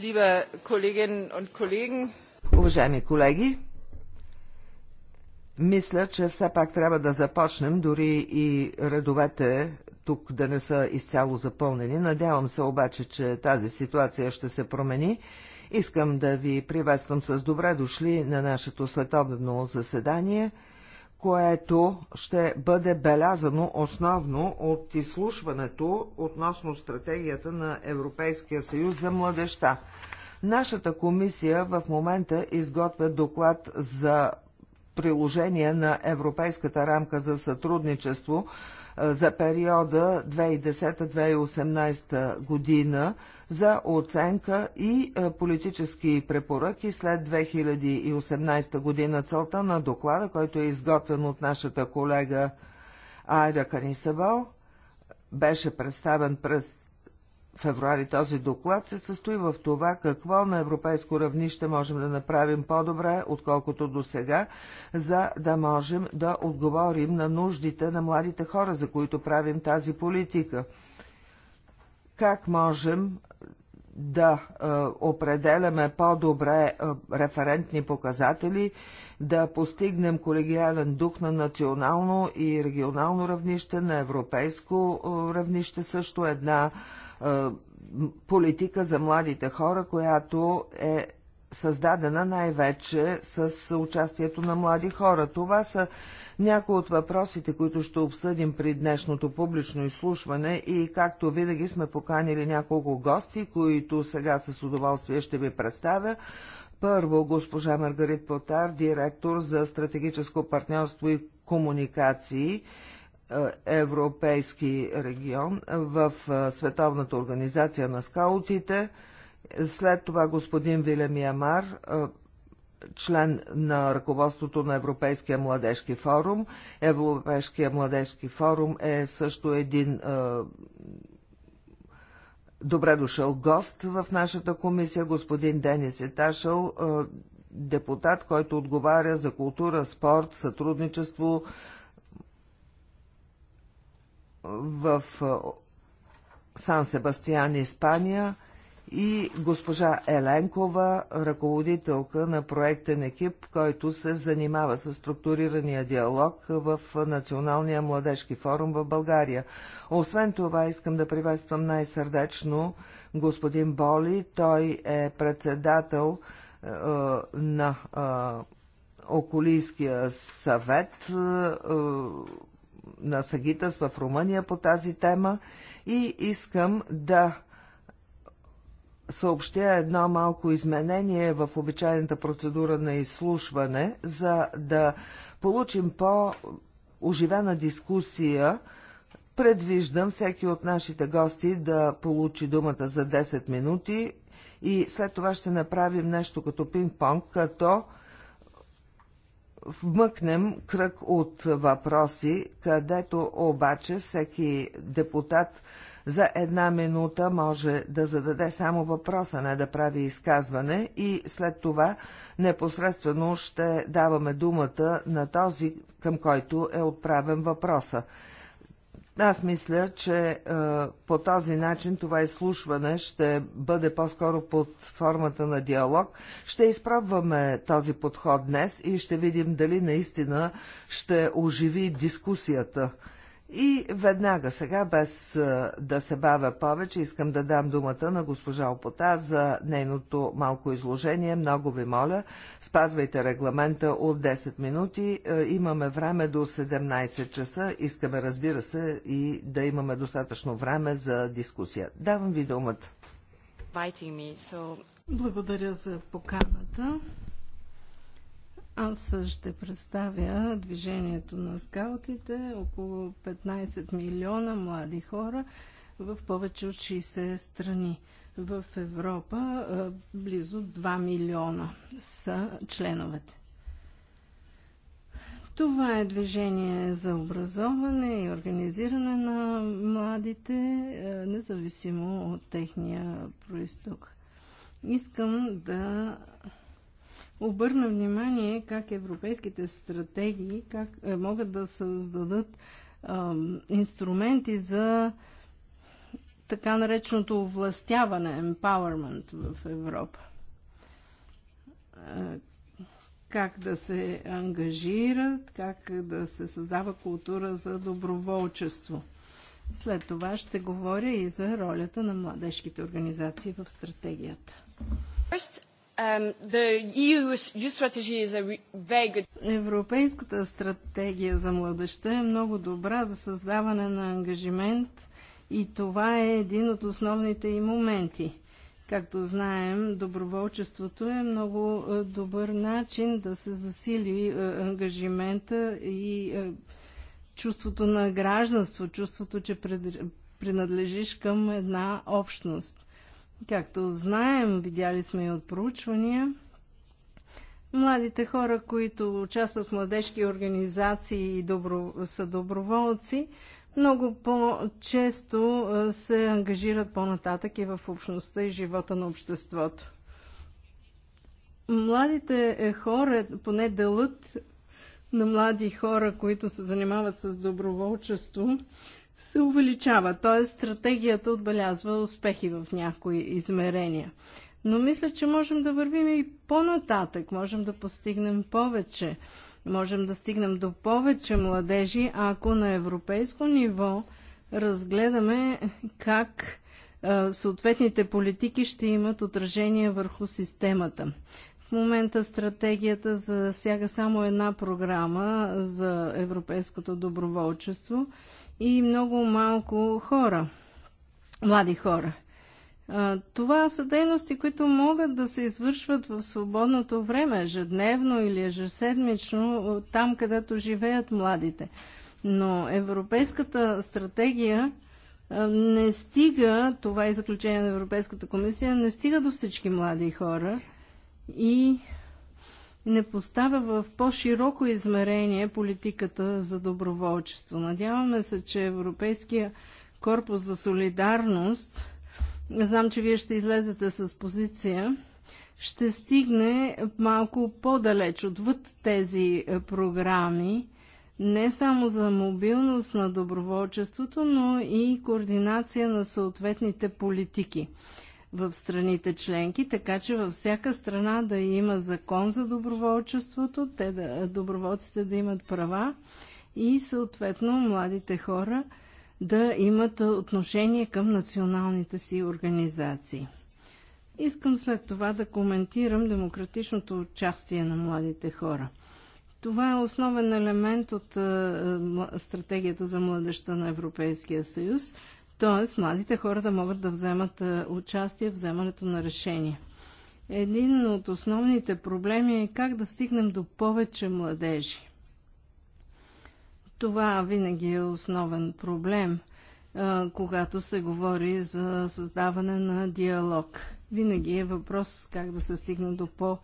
liebe Kolleginnen und Kollegen. Уважаеми колеги, мисля, че все пак трябва да започнем, дори и редовете тук да не са изцяло запълнени. Надявам се обаче, че тази ситуация ще се промени. Искам да ви приветствам с добре дошли на нашето световно заседание – което ще бъде белязано основно от изслушването относно стратегията на Европейския съюз за младеща. Нашата комисия в момента изготвя доклад за приложение на Европейската рамка за сътрудничество за периода 2010-2018 година за оценка и е, политически препоръки след 2018 година. Целта на доклада, който е изготвен от нашата колега Айда Канисабал, беше представен през февруари този доклад се състои в това какво на европейско равнище можем да направим по-добре, отколкото до сега, за да можем да отговорим на нуждите на младите хора, за които правим тази политика. Как можем да е, определяме по-добре е, референтни показатели, да постигнем колегиален дух на национално и регионално равнище, на европейско е, равнище също една политика за младите хора, която е създадена най-вече с участието на млади хора. Това са някои от въпросите, които ще обсъдим при днешното публично изслушване и както винаги сме поканили няколко гости, които сега с удоволствие ще ви представя. Първо госпожа Маргарит Потар, директор за стратегическо партньорство и комуникации е, Европейски регион в е, Световната организация на скаутите. След това господин Вилем Ямар, е, член на ръководството на Европейския младежки форум. Европейския младежки форум е също един е, добре дошъл гост в нашата комисия, господин Денис Еташъл, е, депутат, който отговаря за култура, спорт, сътрудничество в е, Сан Себастиан, Испания – и госпожа Еленкова, ръководителка на проектен екип, който се занимава с структурирания диалог в Националния младежки форум в България. Освен това, искам да приветствам най-сърдечно господин Боли. Той е председател е, на е, Околийския съвет е, на Сагитас в Румъния по тази тема и искам да съобщя едно малко изменение в обичайната процедура на изслушване, за да получим по-оживена дискусия. Предвиждам всеки от нашите гости да получи думата за 10 минути и след това ще направим нещо като пинг-понг, като вмъкнем кръг от въпроси, където обаче всеки депутат за една минута може да зададе само въпроса, не да прави изказване и след това непосредствено ще даваме думата на този, към който е отправен въпроса. Аз мисля, че е, по този начин това изслушване ще бъде по-скоро под формата на диалог. Ще изпробваме този подход днес и ще видим дали наистина ще оживи дискусията. И веднага сега, без да се бавя повече, искам да дам думата на госпожа Опота за нейното малко изложение. Много ви моля, спазвайте регламента от 10 минути. Имаме време до 17 часа. Искаме, разбира се, и да имаме достатъчно време за дискусия. Давам ви думата. Благодаря за поканата. Аз ще представя движението на скаутите, около 15 милиона млади хора в повече от 60 страни. В Европа е, близо 2 милиона са членовете. Това е движение за образование и организиране на младите, е, независимо от техния происток. Искам да обърна внимание как европейските стратегии как, е, могат да създадат е, инструменти за така нареченото властяване, empowerment в Европа. Е, как да се ангажират, как да се създава култура за доброволчество. След това ще говоря и за ролята на младежките организации в стратегията. First, Um, e Европейската стратегия за младеща е много добра за създаване на ангажимент и това е един от основните и моменти. Както знаем, доброволчеството е много е, добър начин да се засили е, ангажимента и е, чувството на гражданство, чувството, че принадлежиш към една общност. Както знаем, видяли сме и от проучвания, младите хора, които участват в младежки организации и добро, са доброволци, много по-често се ангажират по-нататък и в общността и живота на обществото. Младите е, хора, поне делът на млади хора, които се занимават с доброволчество, се увеличава, т.е. стратегията отбелязва успехи в някои измерения. Но мисля, че можем да вървим и по-нататък, можем да постигнем повече, можем да стигнем до повече младежи, ако на европейско ниво разгледаме как съответните политики ще имат отражение върху системата. В момента стратегията засяга само една програма за европейското доброволчество – и много малко хора, млади хора. Това са дейности, които могат да се извършват в свободното време, ежедневно или ежеседмично, там където живеят младите. Но Европейската стратегия не стига, това е заключение на Европейската комисия, не стига до всички млади хора и не поставя в по-широко измерение политиката за доброволчество. Надяваме се, че Европейския корпус за солидарност, знам, че вие ще излезете с позиция, ще стигне малко по-далеч отвъд тези е, програми, не само за мобилност на доброволчеството, но и координация на съответните политики в страните членки, така че във всяка страна да има закон за доброволчеството, те да, доброволците да имат права и съответно младите хора да имат отношение към националните си организации. Искам след това да коментирам демократичното участие на младите хора. Това е основен елемент от е, е, стратегията за младеща на Европейския съюз. Тоест, младите хора да могат да вземат е, участие в вземането на решение. Един от основните проблеми е как да стигнем до повече младежи. Това винаги е основен проблем, е, когато се говори за създаване на диалог. Винаги е въпрос как да се стигне до, по,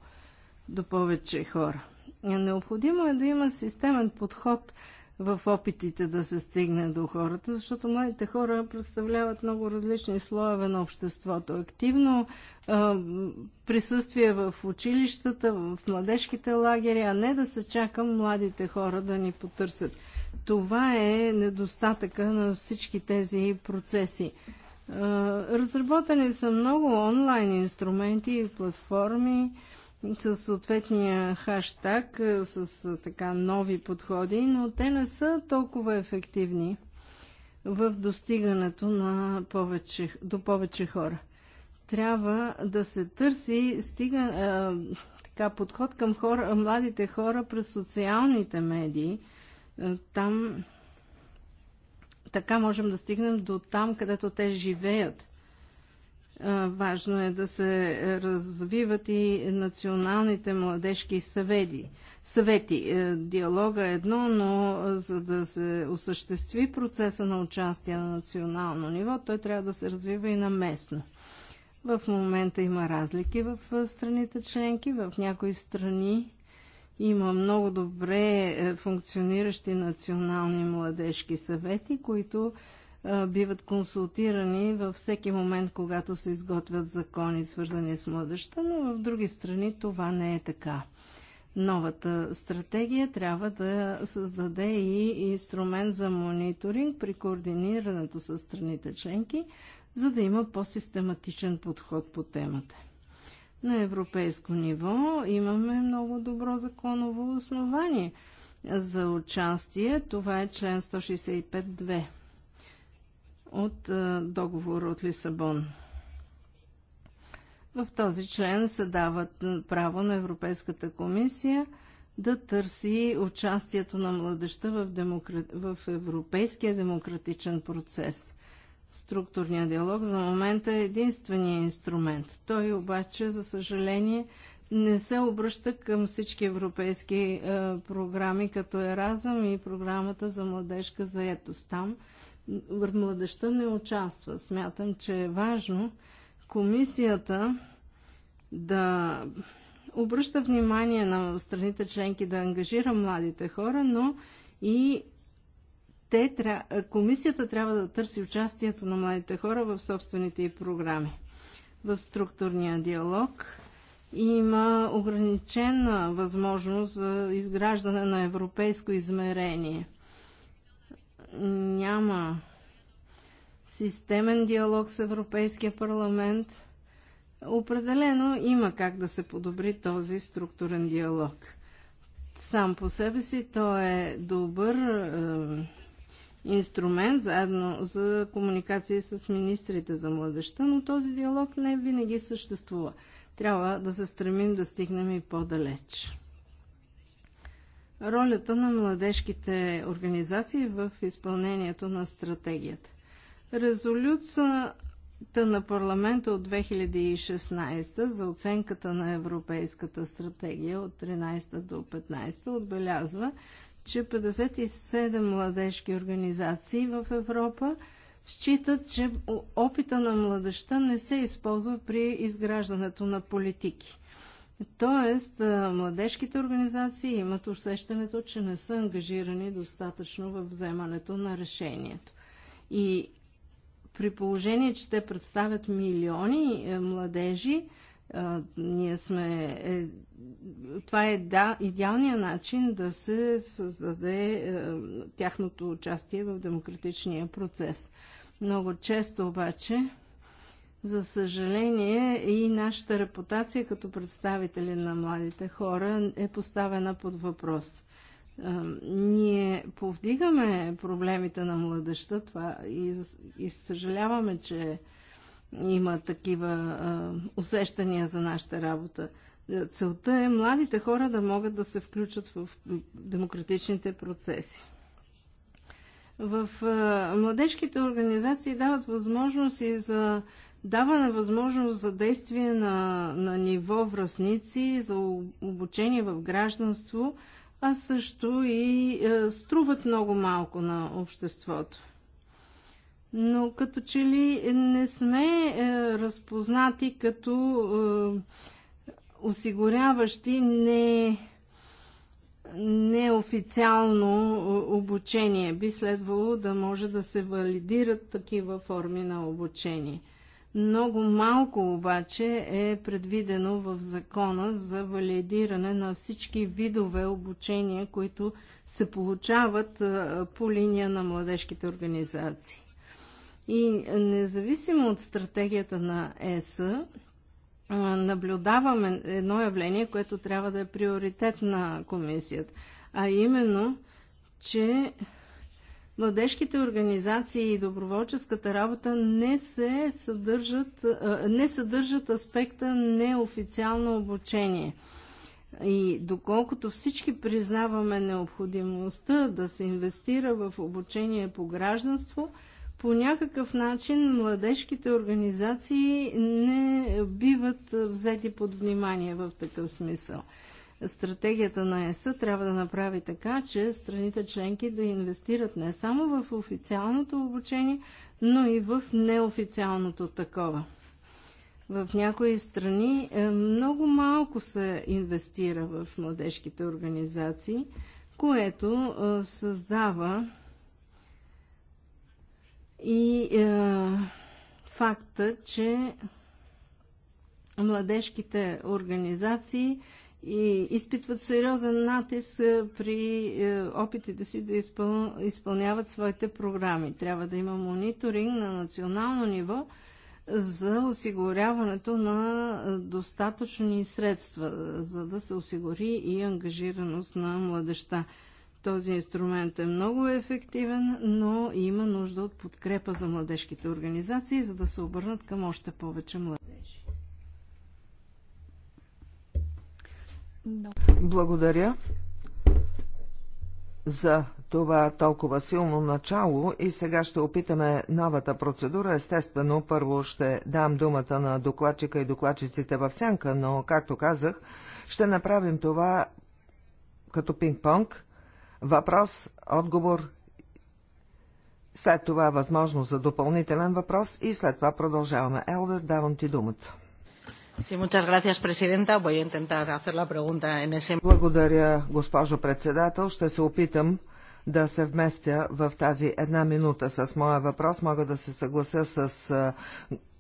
до повече хора. Е, необходимо е да има системен подход – в опитите да се стигне до хората, защото младите хора представляват много различни слоеве на обществото. Активно а, присъствие в училищата, в младежките лагери, а не да се чакам младите хора да ни потърсят. Това е недостатъка на всички тези процеси. А, разработени са много онлайн инструменти и платформи, със съответния хаштаг, с така нови подходи, но те не са толкова ефективни в достигането на повече, до повече хора. Трябва да се търси стига, а, така, подход към хора, младите хора през социалните медии. Там така можем да стигнем до там, където те живеят Важно е да се развиват и националните младежки съвети. съвети. Диалога е едно, но за да се осъществи процеса на участие на национално ниво, той трябва да се развива и на местно. В момента има разлики в страните членки. В някои страни има много добре е, функциониращи национални младежки съвети, които биват консултирани във всеки момент, когато се изготвят закони, свързани с младеща, но в други страни това не е така. Новата стратегия трябва да създаде и инструмент за мониторинг при координирането с страните членки, за да има по-систематичен подход по темата. На европейско ниво имаме много добро законово основание за участие. Това е член 165.2 от е, договор от Лисабон. В този член се дават право на Европейската комисия да търси участието на младеща в, демокра... в европейския демократичен процес. Структурният диалог за момента е единствения инструмент. Той обаче, за съжаление, не се обръща към всички европейски е, програми, като Еразъм и програмата за младежка заетост. Там младеща не участва. Смятам, че е важно комисията да обръща внимание на страните членки да ангажира младите хора, но и те, комисията трябва да търси участието на младите хора в собствените й програми. В структурния диалог има ограничена възможност за изграждане на европейско измерение – няма системен диалог с Европейския парламент, определено има как да се подобри този структурен диалог. Сам по себе си той е добър е, инструмент заедно за комуникации с министрите за младеща, но този диалог не винаги съществува. Трябва да се стремим да стигнем и по-далеч ролята на младежките организации в изпълнението на стратегията. Резолюцията на парламента от 2016 за оценката на Европейската стратегия от 13 до 15 отбелязва, че 57 младежки организации в Европа считат, че опита на младеща не се използва при изграждането на политики. Тоест, младежките организации имат усещането, че не са ангажирани достатъчно в вземането на решението. И при положение, че те представят милиони е, младежи, ние сме. Е, това е да, идеалният начин да се създаде е, тяхното участие в демократичния процес. Много често обаче за съжаление и нашата репутация като представители на младите хора е поставена под въпрос. Ние повдигаме проблемите на младеща това и, и съжаляваме, че има такива усещания за нашата работа. Целта е младите хора да могат да се включат в демократичните процеси. В а, младежките организации дават възможност и за на възможност за действие на, на ниво връзници, за обучение в гражданство, а също и е, струват много малко на обществото. Но като че ли не сме е, разпознати като е, осигуряващи не неофициално е, обучение. Би следвало да може да се валидират такива форми на обучение – много малко обаче е предвидено в закона за валидиране на всички видове обучения, които се получават по линия на младежките организации. И независимо от стратегията на ЕС, наблюдаваме едно явление, което трябва да е приоритет на комисията, а именно, че младежките организации и доброволческата работа не, се съдържат, не съдържат аспекта неофициално обучение. И доколкото всички признаваме необходимостта да се инвестира в обучение по гражданство, по някакъв начин младежките организации не биват взети под внимание в такъв смисъл стратегията на ЕС трябва да направи така, че страните членки да инвестират не само в официалното обучение, но и в неофициалното такова. В някои страни е, много малко се инвестира в младежките организации, което е, създава и е, факта, че младежките организации и изпитват сериозен натиск е, при е, опитите си да изпъл... изпълняват своите програми. Трябва да има мониторинг на национално ниво за осигуряването на е, достатъчни средства, за да се осигури и ангажираност на младеща. Този инструмент е много ефективен, но има нужда от подкрепа за младежките организации, за да се обърнат към още повече младежи. Благодаря за това толкова силно начало и сега ще опитаме новата процедура. Естествено, първо ще дам думата на докладчика и докладчиците в сянка, но, както казах, ще направим това като пинг-понг. Въпрос, отговор, след това възможност за допълнителен въпрос и след това продължаваме. Елдер, давам ти думата. Благодаря, госпожо председател. Ще се опитам да се вместя в тази една минута с моя въпрос. Мога да се съглася с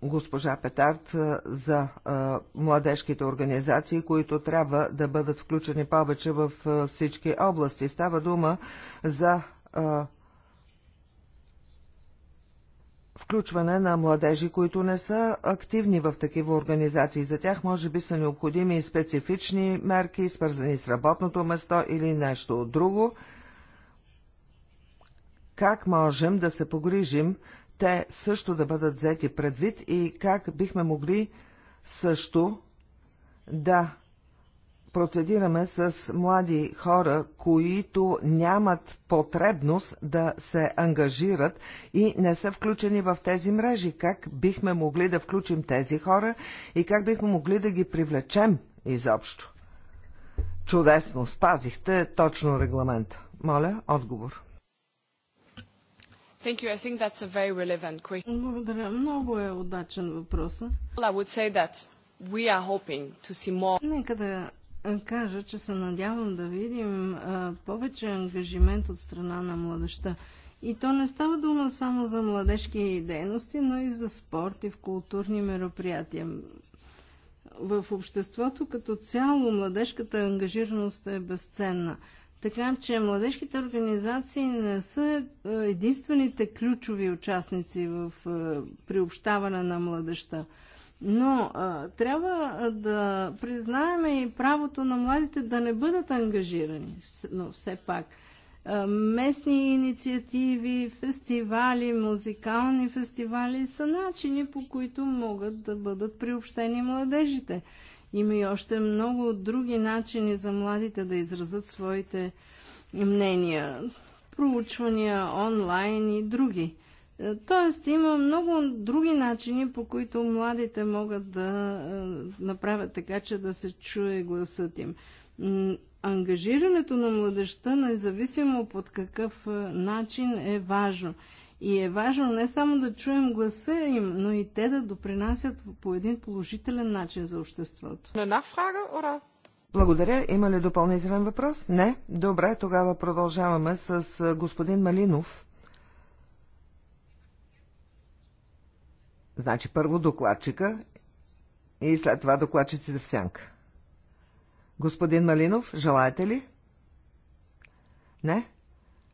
госпожа Петарт за младежките организации, които трябва да бъдат включени повече в всички области. Става дума за включване на младежи, които не са активни в такива организации. За тях може би са необходими и специфични мерки, свързани с работното место или нещо друго. Как можем да се погрижим те също да бъдат взети предвид и как бихме могли също да процедираме с млади хора, които нямат потребност да се ангажират и не са включени в тези мрежи? Как бихме могли да включим тези хора и как бихме могли да ги привлечем изобщо? Чудесно, спазихте точно регламента. Моля, отговор. Благодаря. Много е удачен въпрос. Нека да кажа, че се надявам да видим а, повече ангажимент от страна на младеща. И то не става дума само за младежки дейности, но и за спорт и в културни мероприятия. В обществото като цяло младежката ангажираност е безценна. Така че младежките организации не са единствените ключови участници в приобщаване на младеща. Но а, трябва да признаем и правото на младите да не бъдат ангажирани, но все пак. А, местни инициативи, фестивали, музикални фестивали са начини, по които могат да бъдат приобщени младежите. Има и още много други начини за младите да изразят своите мнения. Проучвания онлайн и други. Тоест има много други начини, по които младите могат да е, направят така, че да се чуе гласът им. Ангажирането на младеща, независимо под какъв е, начин, е важно. И е важно не само да чуем гласа им, но и те да допринасят по един положителен начин за обществото. Благодаря. Има ли допълнителен въпрос? Не. Добре, тогава продължаваме с е, господин Малинов. Значи първо докладчика и след това докладчиците в сянка. Господин Малинов, желаете ли? Не.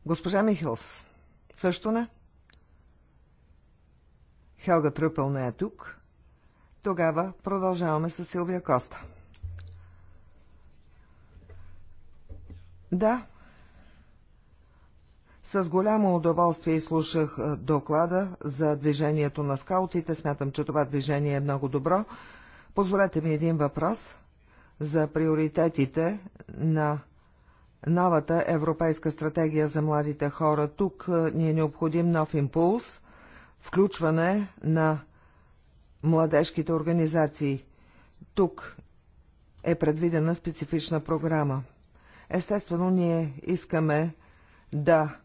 Госпожа Михилс, също не. Хелга Трюпел не е тук. Тогава продължаваме с Силвия Коста. Да, с голямо удоволствие изслушах е, доклада за движението на скаутите. Смятам, че това движение е много добро. Позволете ми един въпрос за приоритетите на новата европейска стратегия за младите хора. Тук е, ни е необходим нов импулс, включване на младежките организации. Тук е предвидена специфична програма. Естествено, ние искаме да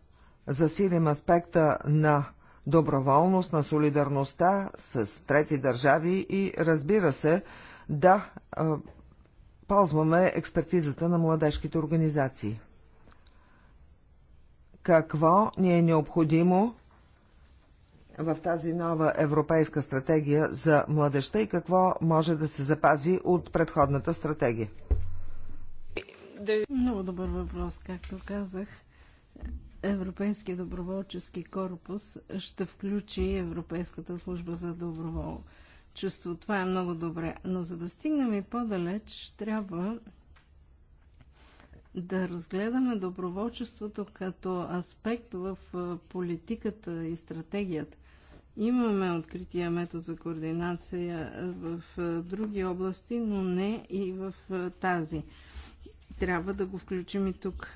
засилим аспекта на доброволност, на солидарността с трети държави и, разбира се, да ползваме експертизата на младежките организации. Какво ни е необходимо в тази нова европейска стратегия за младеща и какво може да се запази от предходната стратегия? Много добър въпрос, както казах. Европейския доброволчески корпус ще включи Европейската служба за Чувство, Това е много добре. Но за да стигнем и по-далеч, трябва да разгледаме доброволчеството като аспект в политиката и стратегията. Имаме открития метод за координация в други области, но не и в тази. Трябва да го включим и тук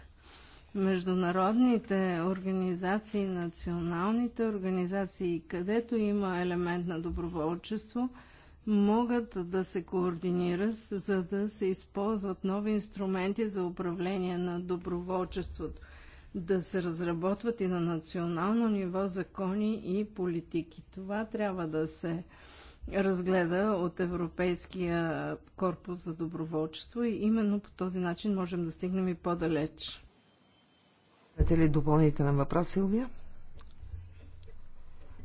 международните организации, националните организации, където има елемент на доброволчество, могат да се координират, за да се използват нови инструменти за управление на доброволчеството, да се разработват и на национално ниво закони и политики. Това трябва да се разгледа от Европейския корпус за доброволчество и именно по този начин можем да стигнем и по-далеч. Имате ли допълнителен въпрос, Силвия?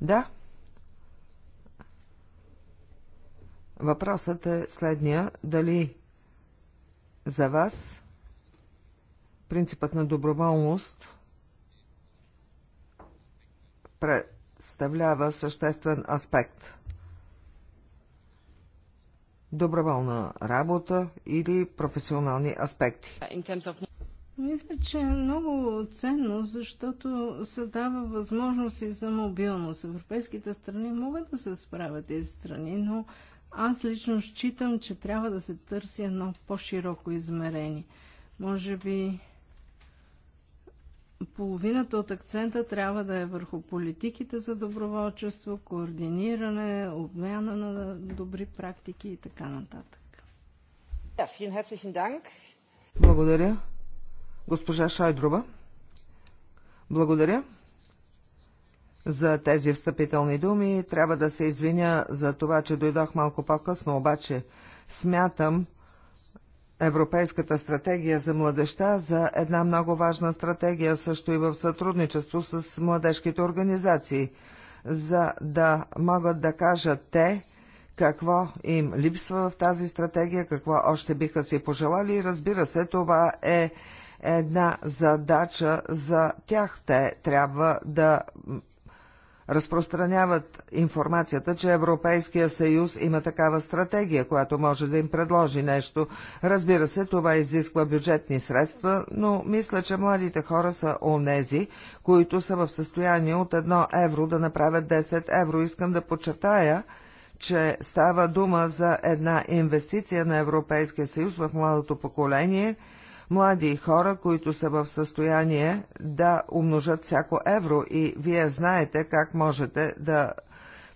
Да. Въпросът е следния. Дали за вас принципът на доброволност представлява съществен аспект? Доброволна работа или професионални аспекти? Мисля, че е много ценно, защото се дава възможности за мобилност. Европейските страни могат да се справят тези страни, но аз лично считам, че трябва да се търси едно по-широко измерение. Може би половината от акцента трябва да е върху политиките за доброволчество, координиране, обмяна на добри практики и така нататък. Благодаря. Госпожа Шайдрова, благодаря за тези встъпителни думи. Трябва да се извиня за това, че дойдох малко по-късно, обаче смятам Европейската стратегия за младеща за една много важна стратегия, също и в сътрудничество с младежките организации, за да могат да кажат те, какво им липсва в тази стратегия, какво още биха си пожелали. Разбира се, това е една задача за тях. Те трябва да разпространяват информацията, че Европейския съюз има такава стратегия, която може да им предложи нещо. Разбира се, това изисква бюджетни средства, но мисля, че младите хора са онези, които са в състояние от едно евро да направят 10 евро. Искам да подчертая, че става дума за една инвестиция на Европейския съюз в младото поколение – млади хора, които са в състояние да умножат всяко евро и вие знаете как можете да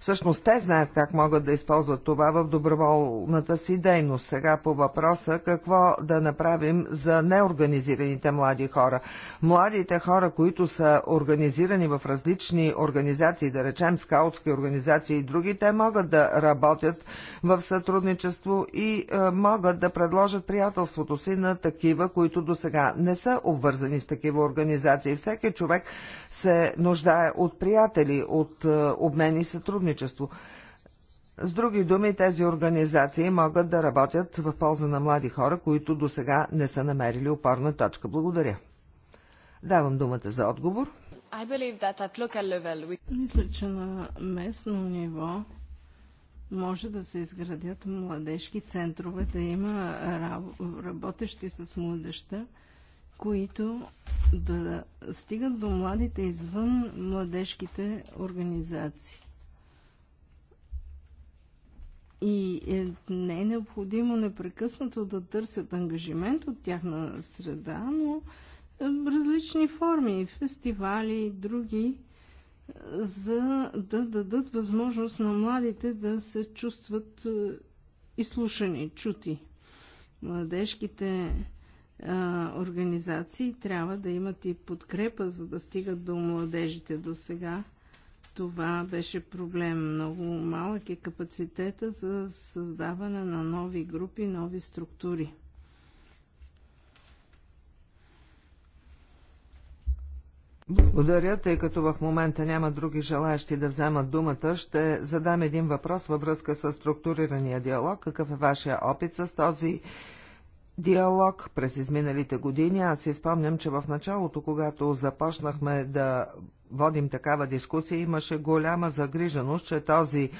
Всъщност те знаят как могат да използват това в доброволната си дейност. Сега по въпроса какво да направим за неорганизираните млади хора. Младите хора, които са организирани в различни организации, да речем скаутски организации и други, те могат да работят в сътрудничество и е, могат да предложат приятелството си на такива, които до сега не са обвързани с такива организации. Всеки човек се нуждае от приятели, от е, обмени сътрудничество сътрудничество. С други думи, тези организации могат да работят в полза на млади хора, които до сега не са намерили опорна точка. Благодаря. Давам думата за отговор. Мисля, че на местно ниво може да се изградят младежки центрове, да има работещи с младеща, които да стигат до младите извън младежките организации. И е, не е необходимо непрекъснато да търсят ангажимент от тяхна среда, но е, различни форми, фестивали и други, е, за да дадат възможност на младите да се чувстват е, изслушани, чути. Младежките е, организации трябва да имат и подкрепа, за да стигат до младежите до сега това беше проблем. Много малък е капацитета за създаване на нови групи, нови структури. Благодаря, тъй като в момента няма други желаящи да вземат думата. Ще задам един въпрос във връзка с структурирания диалог. Какъв е вашия опит с този диалог през изминалите години? Аз си спомням, че в началото, когато започнахме да водим такава дискусия, имаше голяма загриженост, че този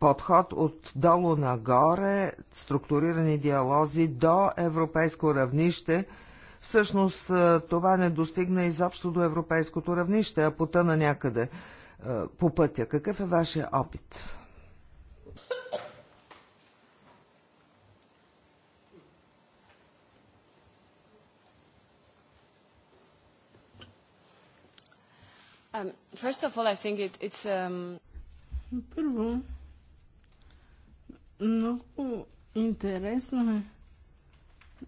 подход от долу нагоре, структурирани диалози до европейско равнище, всъщност това не достигна изобщо до европейското равнище, а потъна някъде по пътя. Какъв е вашия опит? Um, first of all, I think it, it's... Um, Първо, много интересно е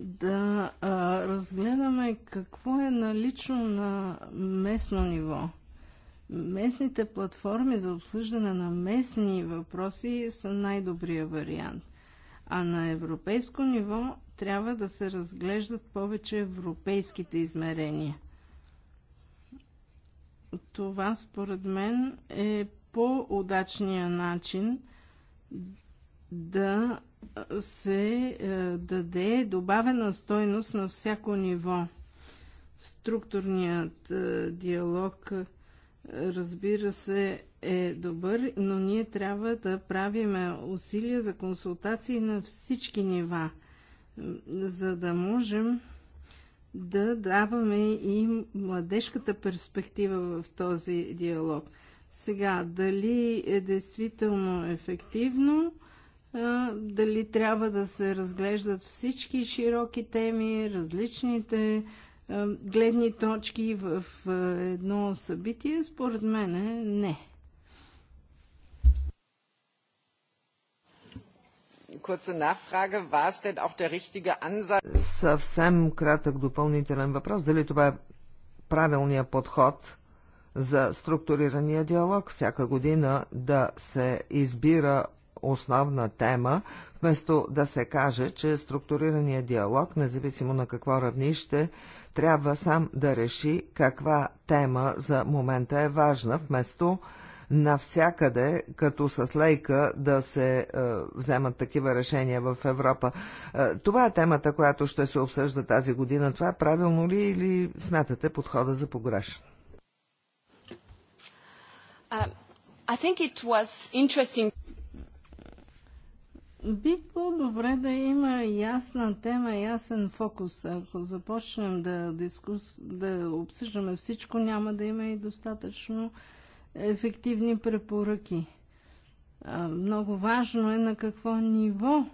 да а, разгледаме какво е налично на местно ниво. Местните платформи за обсъждане на местни въпроси са най-добрия вариант. А на европейско ниво трябва да се разглеждат повече европейските измерения – това според мен е по удачният начин да се е, даде добавена стойност на всяко ниво. Структурният е, диалог, е, разбира се, е добър, но ние трябва да правиме усилия за консултации на всички нива, за да можем да даваме и младежката перспектива в този диалог. Сега, дали е действително ефективно, дали трябва да се разглеждат всички широки теми, различните гледни точки в едно събитие, според мен не. kurze Nachfrage. War es denn auch der richtige Ansatz? Съвсем кратък допълнителен въпрос. Дали това е правилният подход за структурирания диалог? Всяка година да се избира основна тема, вместо да се каже, че структурирания диалог, независимо на какво равнище, трябва сам да реши каква тема за момента е важна, вместо навсякъде, като с лейка да се е, вземат такива решения в Европа. Е, това е темата, която ще се обсъжда тази година. Това е правилно ли или смятате подхода за погрешен? би било добре да има ясна тема, ясен фокус. Ако започнем да, дискус, да обсъждаме всичко, няма да има и достатъчно ефективни препоръки. Много важно е на какво ниво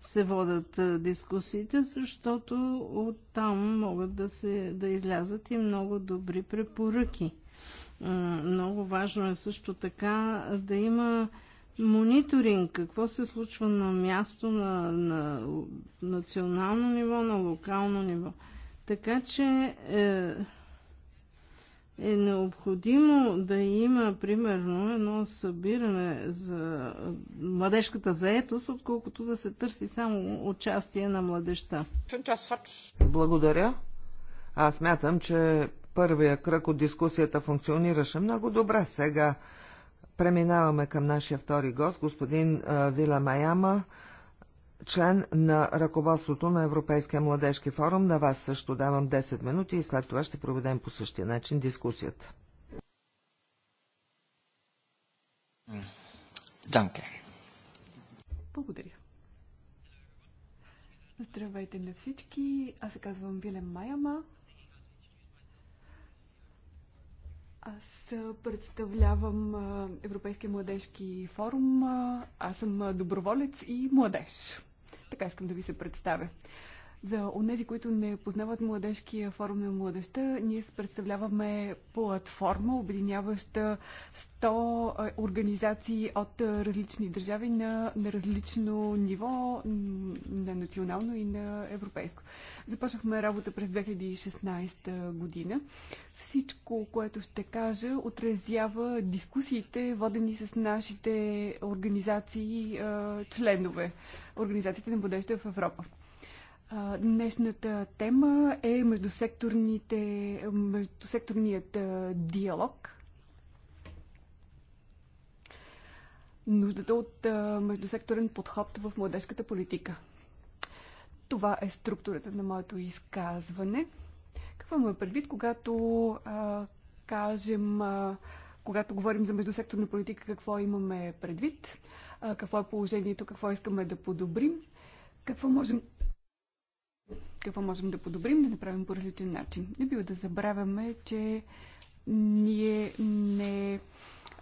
се водат дискусиите, защото оттам могат да, се, да излязат и много добри препоръки. Много важно е също така да има мониторинг, какво се случва на място, на, на национално ниво, на локално ниво. Така че е, е необходимо да има, примерно, едно събиране за младежката заетост, отколкото да се търси само участие на младеща. Благодаря. Аз мятам, че първия кръг от дискусията функционираше много добре. Сега преминаваме към нашия втори гост, господин Вила Маяма член на ръководството на Европейския младежки форум. На вас също давам 10 минути и след това ще проведем по същия начин дискусията. Данке. Благодаря. Здравейте на всички. Аз се казвам Вилен Майама. Аз представлявам Европейския младежки форум. Аз съм доброволец и младеж. Така искам да ви се представя. За онези, които не познават Младежкия форум на младеща, ние представляваме платформа, обединяваща 100 организации от различни държави на, на различно ниво, на национално и на европейско. Започнахме работа през 2016 година. Всичко, което ще кажа, отразява дискусиите, водени с нашите организации, членове, организациите на младежите в Европа. Днешната тема е междусекторният диалог. Нуждата от междусекторен подход в младежката политика. Това е структурата на моето изказване. Какво ме предвид, когато а, кажем, а, когато говорим за междусекторна политика, какво имаме предвид, а, какво е положението, какво искаме да подобрим, какво можем какво можем да подобрим, да направим по различен начин. Не бива да забравяме, че ние не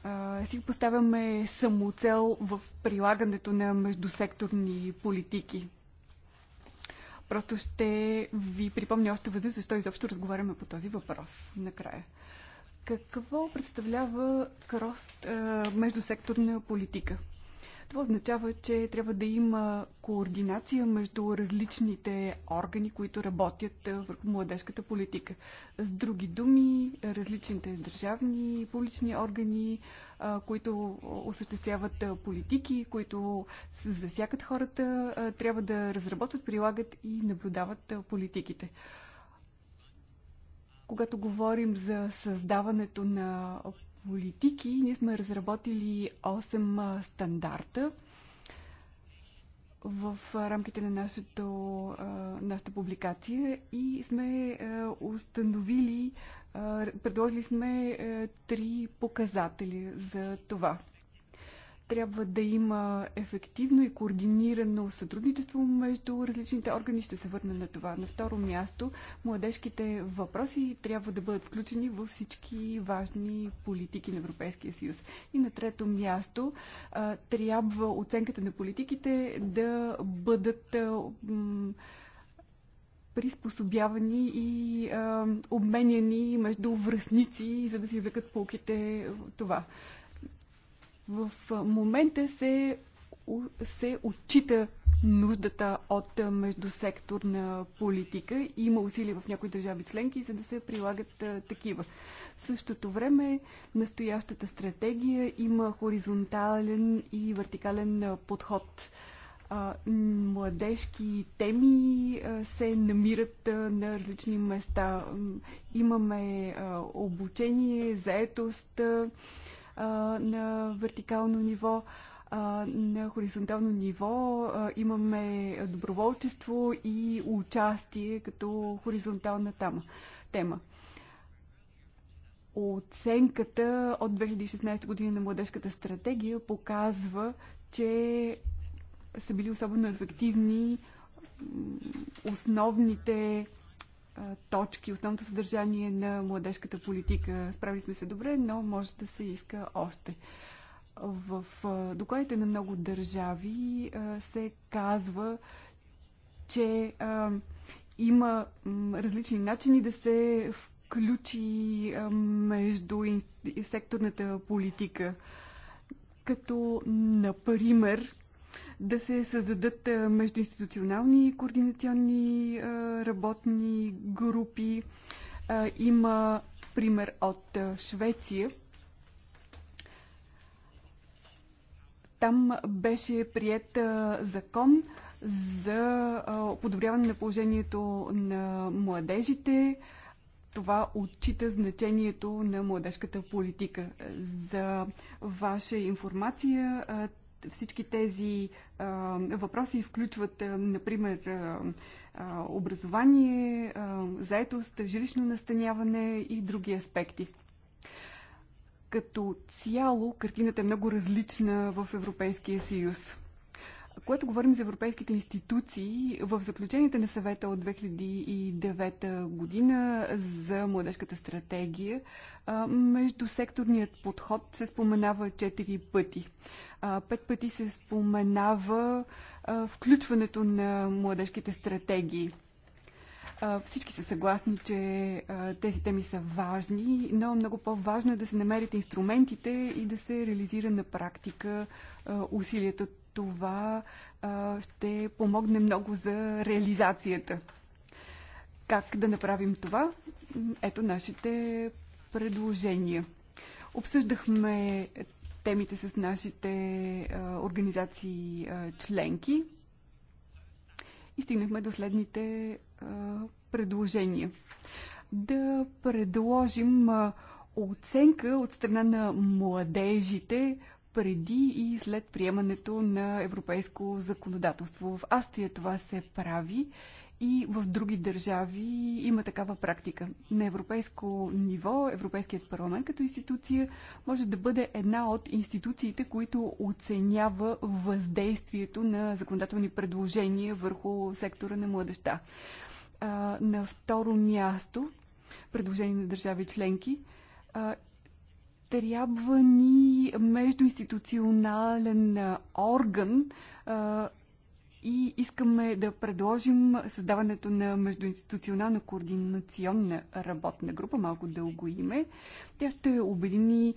а, си поставяме самоцел в прилагането на междусекторни политики. Просто ще ви припомня още веднъж защо изобщо разговаряме по този въпрос накрая. Какво представлява крост а, междусекторна политика? Това означава, че трябва да има координация между различните органи, които работят върху младежката политика. С други думи, различните държавни и публични органи, които осъществяват политики, които засякат хората, трябва да разработват, прилагат и наблюдават политиките когато говорим за създаването на политики. Ние сме разработили 8 стандарта в рамките на нашата, нашата публикация и сме установили, предложили сме три показатели за това – трябва да има ефективно и координирано сътрудничество между различните органи. Ще се върна на това. На второ място, младежките въпроси трябва да бъдат включени във всички важни политики на Европейския съюз. И на трето място, трябва оценката на политиките да бъдат приспособявани и а, обменяни между връзници, за да си влекат полките това. В момента се, се отчита нуждата от междусекторна политика. Има усилия в някои държави членки, за да се прилагат такива. В същото време настоящата стратегия има хоризонтален и вертикален подход. младежки теми се намират на различни места. Имаме обучение, заетост, на вертикално ниво. На хоризонтално ниво имаме доброволчество и участие като хоризонтална тема оценката от 2016 година на младежката стратегия показва, че са били особено ефективни основните точки, основното съдържание на младежката политика. Справили сме се добре, но може да се иска още. В докладите на много държави се казва, че има различни начини да се включи между секторната политика. Като, например, да се създадат междуинституционални координационни работни групи. Има пример от Швеция. Там беше прият закон за подобряване на положението на младежите. Това отчита значението на младежката политика. За ваша информация, всички тези а, въпроси включват, а, например, а, а, образование, а, заетост, жилищно настаняване и други аспекти. Като цяло, картината е много различна в Европейския съюз. Когато говорим за европейските институции, в заключенията на съвета от 2009 година за младежката стратегия, междусекторният подход се споменава четири пъти. Пет пъти се споменава включването на младежките стратегии. Всички са съгласни, че тези теми са важни, но много по-важно е да се намерят инструментите и да се реализира на практика усилието това а, ще помогне много за реализацията. Как да направим това? Ето нашите предложения. Обсъждахме темите с нашите а, организации а, членки и стигнахме до следните а, предложения. Да предложим а, оценка от страна на младежите преди и след приемането на европейско законодателство. В Астрия това се прави и в други държави има такава практика. На европейско ниво Европейският парламент като институция може да бъде една от институциите, които оценява въздействието на законодателни предложения върху сектора на младеща. На второ място, предложение на държави членки, трябва ни междуинституционален орган а, и искаме да предложим създаването на междуинституционална координационна работна група, малко дълго име. Тя ще обедини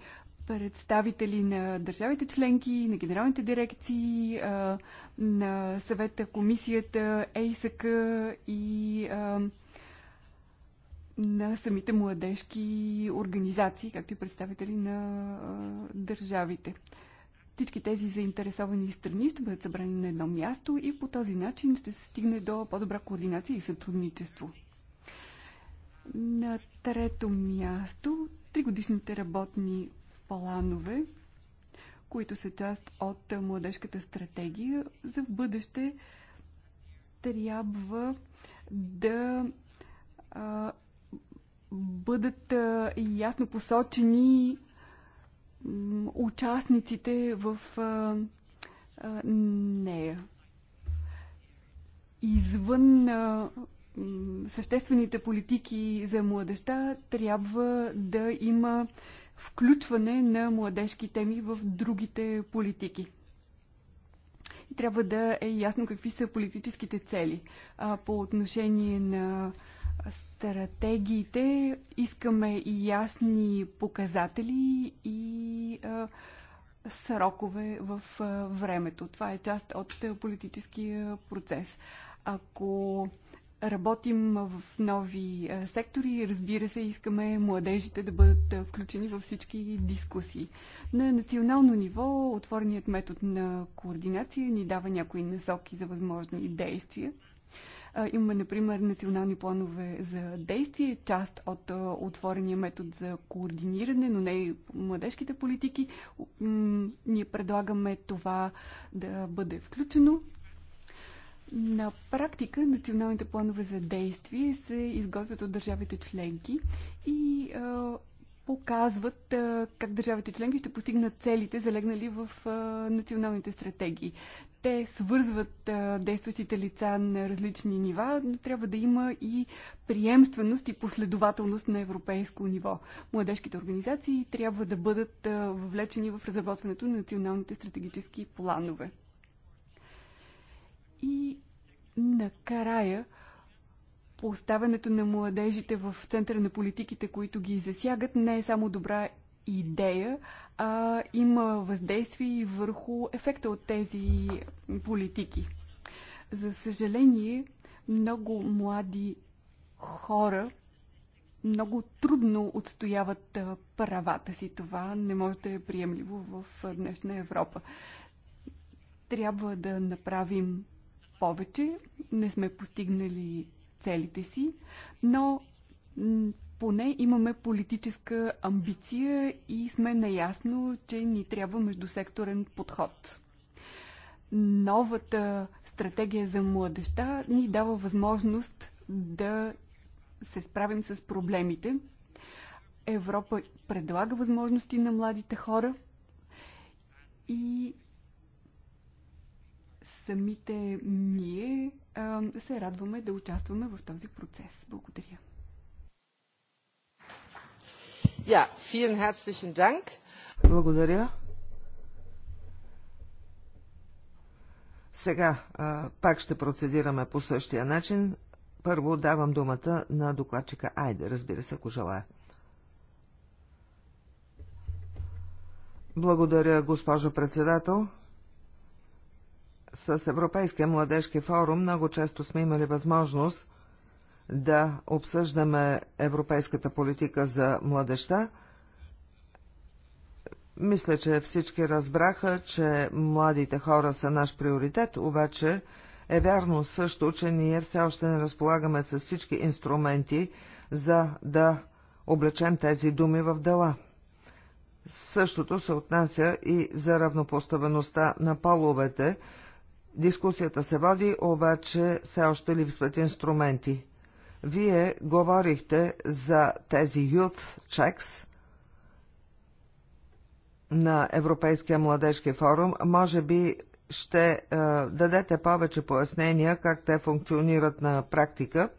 представители на държавите членки, на генералните дирекции, на съвета, комисията, ЕИСК и на самите младежки организации, както и представители на а, държавите. Всички тези заинтересовани страни ще бъдат събрани на едно място и по този начин ще се стигне до по-добра координация и сътрудничество. На трето място тригодишните работни планове, които са част от младежката стратегия за в бъдеще трябва да а, бъдат ясно посочени участниците в нея. Извън съществените политики за младеща трябва да има включване на младежки теми в другите политики. И трябва да е ясно какви са политическите цели. А по отношение на стратегиите, искаме и ясни показатели и а, срокове в а, времето. Това е част от политическия процес. Ако работим в нови а, сектори, разбира се, искаме младежите да бъдат а, включени във всички дискусии. На национално ниво отвореният метод на координация ни дава някои насоки за възможни действия – Имаме, например, национални планове за действие, част от отворения метод за координиране, но не и младежките политики. Ние предлагаме това да бъде включено. На практика националните планове за действие се изготвят от държавите членки и показват как държавите членки ще постигнат целите, залегнали в националните стратегии те свързват действащите лица на различни нива, но трябва да има и приемственост и последователност на европейско ниво. Младежките организации трябва да бъдат въвлечени в разработването на националните стратегически планове. И накрая поставянето на младежите в центъра на политиките, които ги засягат, не е само добра идея, а има въздействие върху ефекта от тези политики. За съжаление, много млади хора много трудно отстояват правата си. Това не може да е приемливо в днешна Европа. Трябва да направим повече. Не сме постигнали целите си, но поне имаме политическа амбиция и сме наясно, че ни трябва междусекторен подход. Новата стратегия за младеща ни дава възможност да се справим с проблемите. Европа предлага възможности на младите хора и самите ние се радваме да участваме в този процес. Благодаря. Ja, vielen herzlichen Dank. Благодаря. Сега а, пак ще процедираме по същия начин. Първо давам думата на докладчика Айде, разбира се, ако желая. Благодаря, госпожо председател. С Европейския младежки форум много често сме имали възможност да обсъждаме европейската политика за младеща. Мисля, че всички разбраха, че младите хора са наш приоритет, обаче е вярно също, че ние все още не разполагаме с всички инструменти, за да облечем тези думи в дела. Същото се отнася и за равнопоставеността на половете. Дискусията се води, обаче все още липсват инструменти. Вие говорихте за тези Youth Checks на Европейския младежки форум. Може би ще е, дадете повече пояснения как те функционират на практика.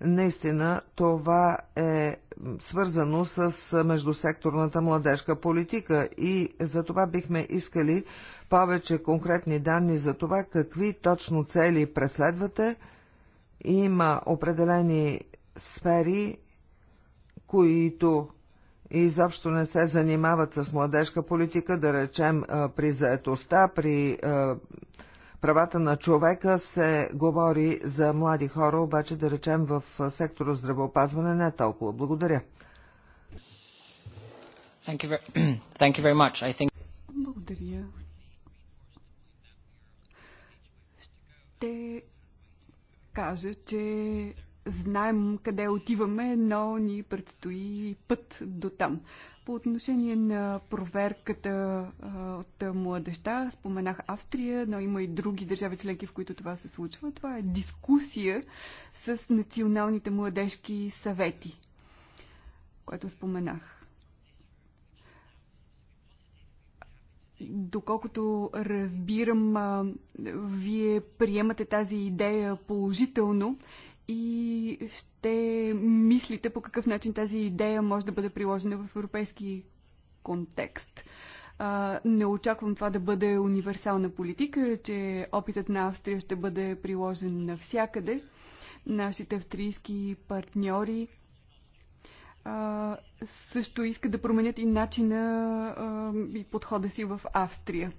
Наистина това е свързано с междусекторната младежка политика и за това бихме искали повече конкретни данни за това какви точно цели преследвате – има определени сфери, които изобщо не се занимават с младежка политика, да речем при заетостта, при правата на човека се говори за млади хора, обаче да речем в сектора здравеопазване не е толкова. Благодаря. Благодаря. Ще кажа, че знаем къде отиваме, но ни предстои път до там. По отношение на проверката от младеща, споменах Австрия, но има и други държави членки, в които това се случва. Това е дискусия с националните младежки съвети, което споменах. Доколкото разбирам, вие приемате тази идея положително и ще мислите по какъв начин тази идея може да бъде приложена в европейски контекст. Не очаквам това да бъде универсална политика, че опитът на Австрия ще бъде приложен навсякъде. Нашите австрийски партньори а, също искат да променят и начина а, и подхода си в Австрия.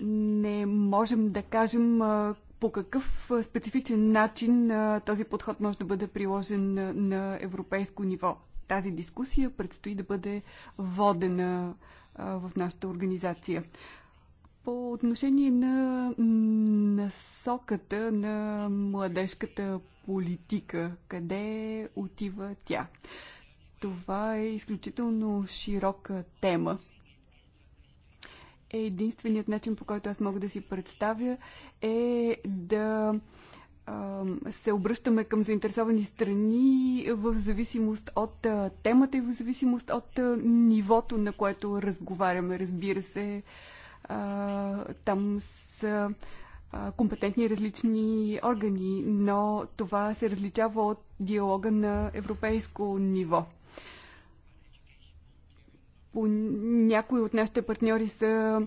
Не можем да кажем а, по какъв специфичен начин а, този подход може да бъде приложен на, на европейско ниво. Тази дискусия предстои да бъде водена а, в нашата организация. По отношение на насоката на младежката политика, къде отива тя? Това е изключително широка тема единственият начин, по който аз мога да си представя, е да се обръщаме към заинтересовани страни в зависимост от темата и в зависимост от нивото, на което разговаряме. Разбира се, там са компетентни различни органи, но това се различава от диалога на европейско ниво. По някои от нашите партньори са,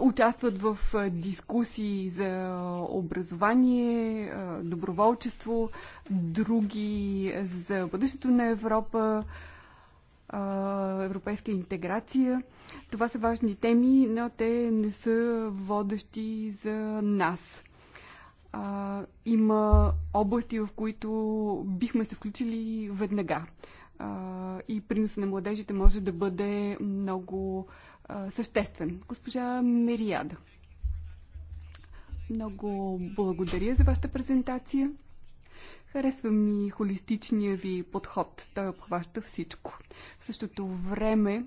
участват в дискусии за образование, доброволчество, други за бъдещето на Европа, европейска интеграция. Това са важни теми, но те не са водещи за нас. А, има области, в които бихме се включили веднага. А, и приноса на младежите може да бъде много а, съществен. Госпожа Мериада. Много благодаря за вашата презентация. Харесва ми холистичния ви подход. Той обхваща всичко. В същото време,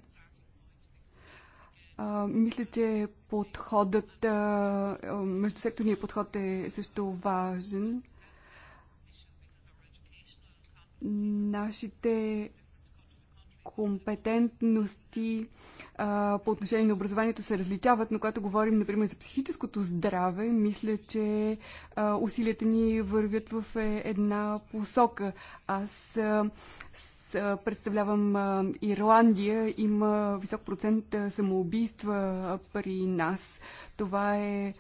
а, мисля, че подходът, а, междусекторният подход е също важен. Нашите компетентности а, по отношение на образованието се различават, но когато говорим, например, за психическото здраве, мисля, че а, усилията ни вървят в е, една посока. Аз а, с, а, представлявам а, Ирландия, има висок процент а, самоубийства а, при нас. Това е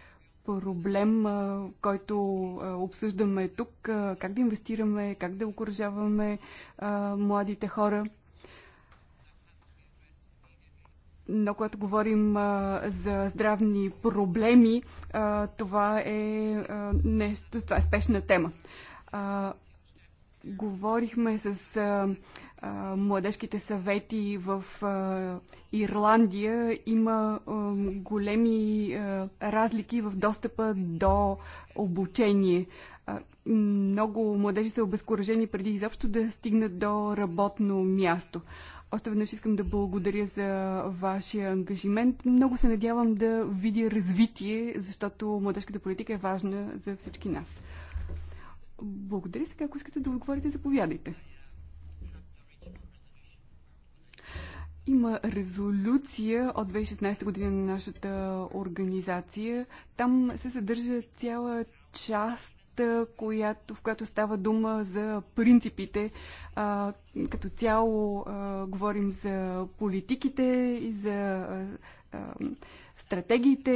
проблем, който обсъждаме тук, как да инвестираме, как да окоръжаваме младите хора. но когато говорим а, за здравни проблеми, а, това, е, а, не, това е спешна тема. А, говорихме с а, а, младежките съвети в а, Ирландия. Има а, големи а, разлики в достъпа до обучение. А, много младежи са обезкуражени преди изобщо да стигнат до работно място. А, още веднъж искам да благодаря за вашия ангажимент. Много се надявам да видя развитие, защото младежката политика е важна за всички нас. Благодаря сега. Ако искате да отговорите, заповядайте. Има резолюция от 2016 година на нашата организация. Там се съдържа цяла част която, в която става дума за принципите. А, като цяло а, говорим за политиките и за а, стратегиите,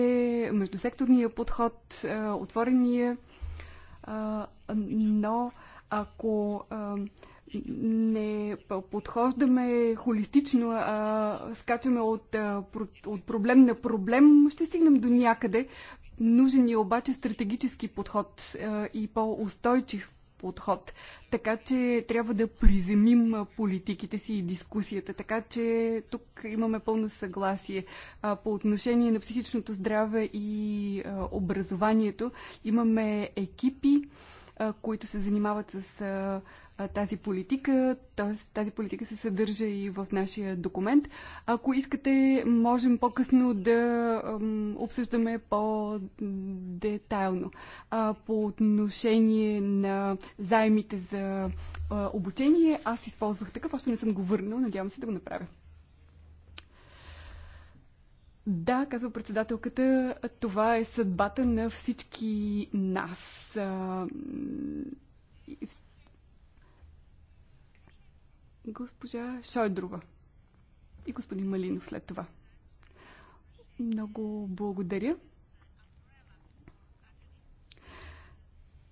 междусекторния подход, а, отворения. А, но ако а, не подхождаме холистично, а скачаме от, от проблем на проблем, ще стигнем до някъде. Нужен е обаче стратегически подход е, и по-устойчив подход. Така че трябва да приземим е, политиките си и дискусията. Така че тук имаме пълно съгласие. По отношение на психичното здраве и е, образованието имаме екипи, които се занимават с тази политика. Тоест, тази политика се съдържа и в нашия документ. Ако искате, можем по-късно да обсъждаме по-детайлно. по отношение на заемите за обучение, аз използвах такъв, още не съм го върнал, надявам се да го направя. Да, казва председателката, това е съдбата на всички нас госпожа Шойдрова и господин Малинов след това. Много благодаря.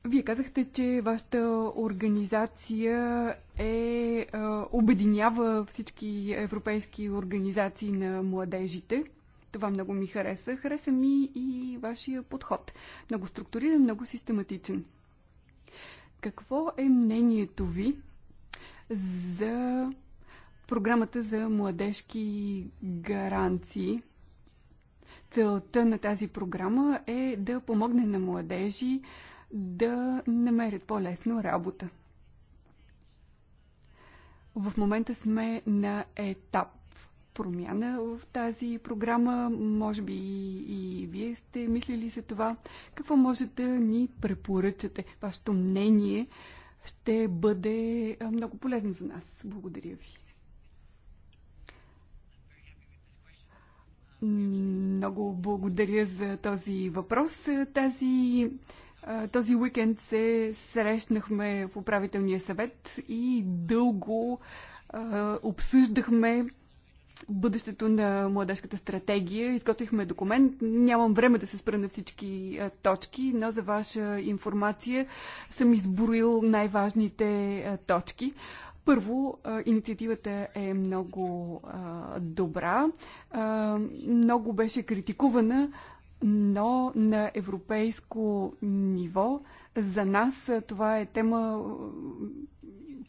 Вие казахте, че вашата организация е, обединява всички европейски организации на младежите. Това много ми хареса. Хареса ми и вашия подход. Много структуриран, много систематичен. Какво е мнението ви за програмата за младежки гаранции. Целта на тази програма е да помогне на младежи да намерят по-лесно работа. В момента сме на етап промяна в тази програма. Може би и, и вие сте мислили за това. Какво може да ни препоръчате? Вашето мнение ще бъде много полезно за нас. Благодаря ви. Много благодаря за този въпрос. Тази, този уикенд се срещнахме в управителния съвет и дълго обсъждахме бъдещето на младежката стратегия. Изготвихме документ. Нямам време да се спра на всички точки, но за ваша информация съм изброил най-важните точки. Първо, инициативата е много добра. Много беше критикувана, но на европейско ниво за нас това е тема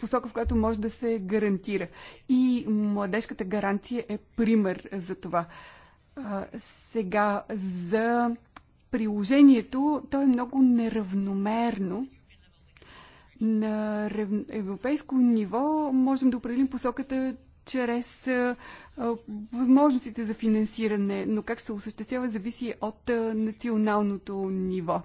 посока, в която може да се гарантира. И младежката гаранция е пример за това. А, сега, за приложението, то е много неравномерно. На европейско ниво можем да определим посоката чрез а, възможностите за финансиране, но как се осъществява зависи от а, националното ниво.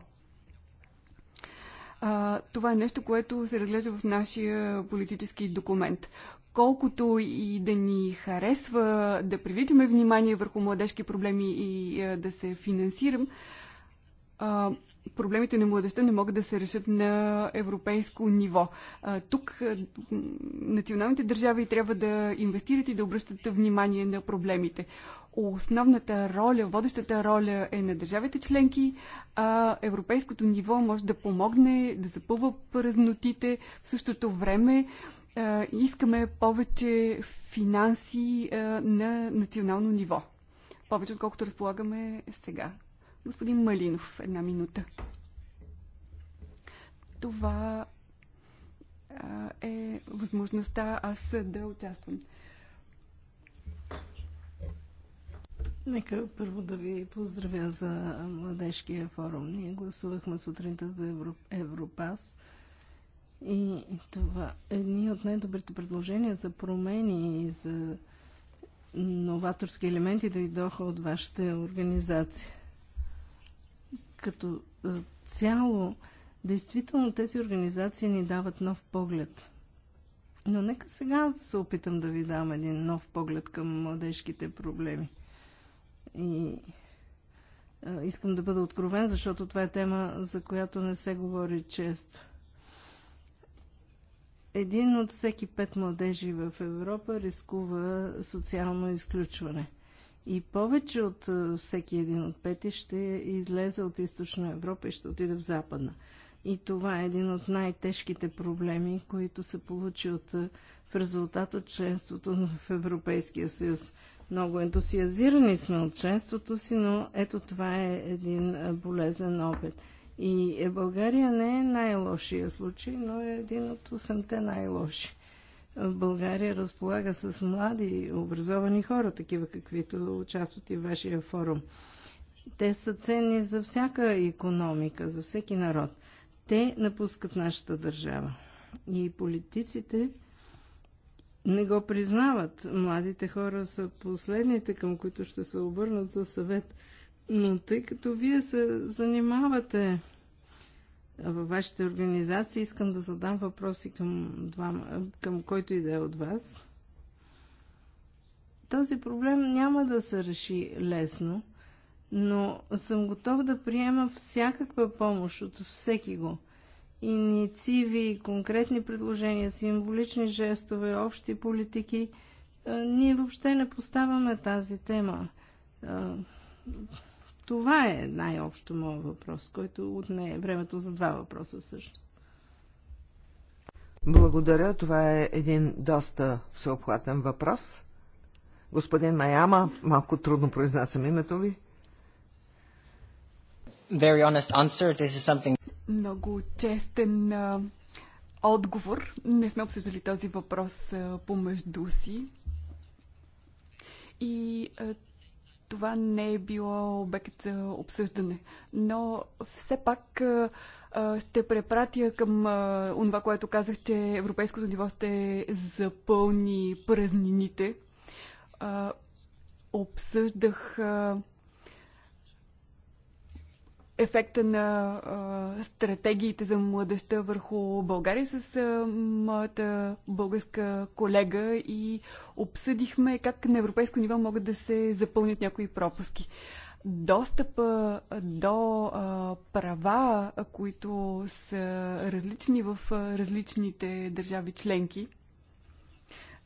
А, това е нещо, което се разглежда в нашия политически документ. Колкото и да ни харесва да привличаме внимание върху младежки проблеми и а, да се финансирам, а, проблемите на младеща не могат да се решат на европейско ниво. А, тук а, националните държави трябва да инвестират и да обръщат внимание на проблемите основната роля, водещата роля е на държавите членки, а европейското ниво може да помогне да запълва празнотите. В същото време а, искаме повече финанси а, на национално ниво. Повече отколкото разполагаме сега. Господин Малинов, една минута. Това а, е възможността аз да участвам. Нека първо да ви поздравя за младежкия форум. Ние гласувахме сутринта за Евро... Европас. И това е едни от най-добрите предложения за промени и за новаторски елементи дойдоха от вашата организация. Като цяло, действително тези организации ни дават нов поглед. Но нека сега да се опитам да ви дам един нов поглед към младежките проблеми – и а, искам да бъда откровен, защото това е тема, за която не се говори често. Един от всеки пет младежи в Европа рискува социално изключване. И повече от всеки един от пети ще излезе от източна Европа и ще отиде в западна. И това е един от най-тежките проблеми, които се получи от, в резултат от членството в Европейския съюз. Много ентусиазирани сме от членството си, но ето това е един болезнен опит. И е, България не е най-лошия случай, но е един от 8-те най-лоши. България разполага с млади, образовани хора, такива каквито участват и в вашия форум. Те са ценни за всяка економика, за всеки народ. Те напускат нашата държава. И политиците не го признават. Младите хора са последните, към които ще се обърнат за съвет. Но тъй като вие се занимавате във вашите организации, искам да задам въпроси към, двама, към който и да е от вас. Този проблем няма да се реши лесно, но съм готов да приема всякаква помощ от всеки го инициативи, конкретни предложения, символични жестове, общи политики, ние въобще не поставяме тази тема. Това е най-общо моят въпрос, който отне времето за два въпроса всъщност. Благодаря. Това е един доста всеобхватен въпрос. Господин Маяма, малко трудно произнасям името ви. Very honest answer. This is something много честен а, отговор. Не сме обсъждали този въпрос а, помежду си. И а, това не е било обект за обсъждане. Но все пак а, ще препратя към а, това, което казах, че европейското ниво ще запълни празнините. А, обсъждах. А, ефекта на а, стратегиите за младеща върху България с а, моята българска колега и обсъдихме как на европейско ниво могат да се запълнят някои пропуски. Достъпа до а, права, които са различни в различните държави членки,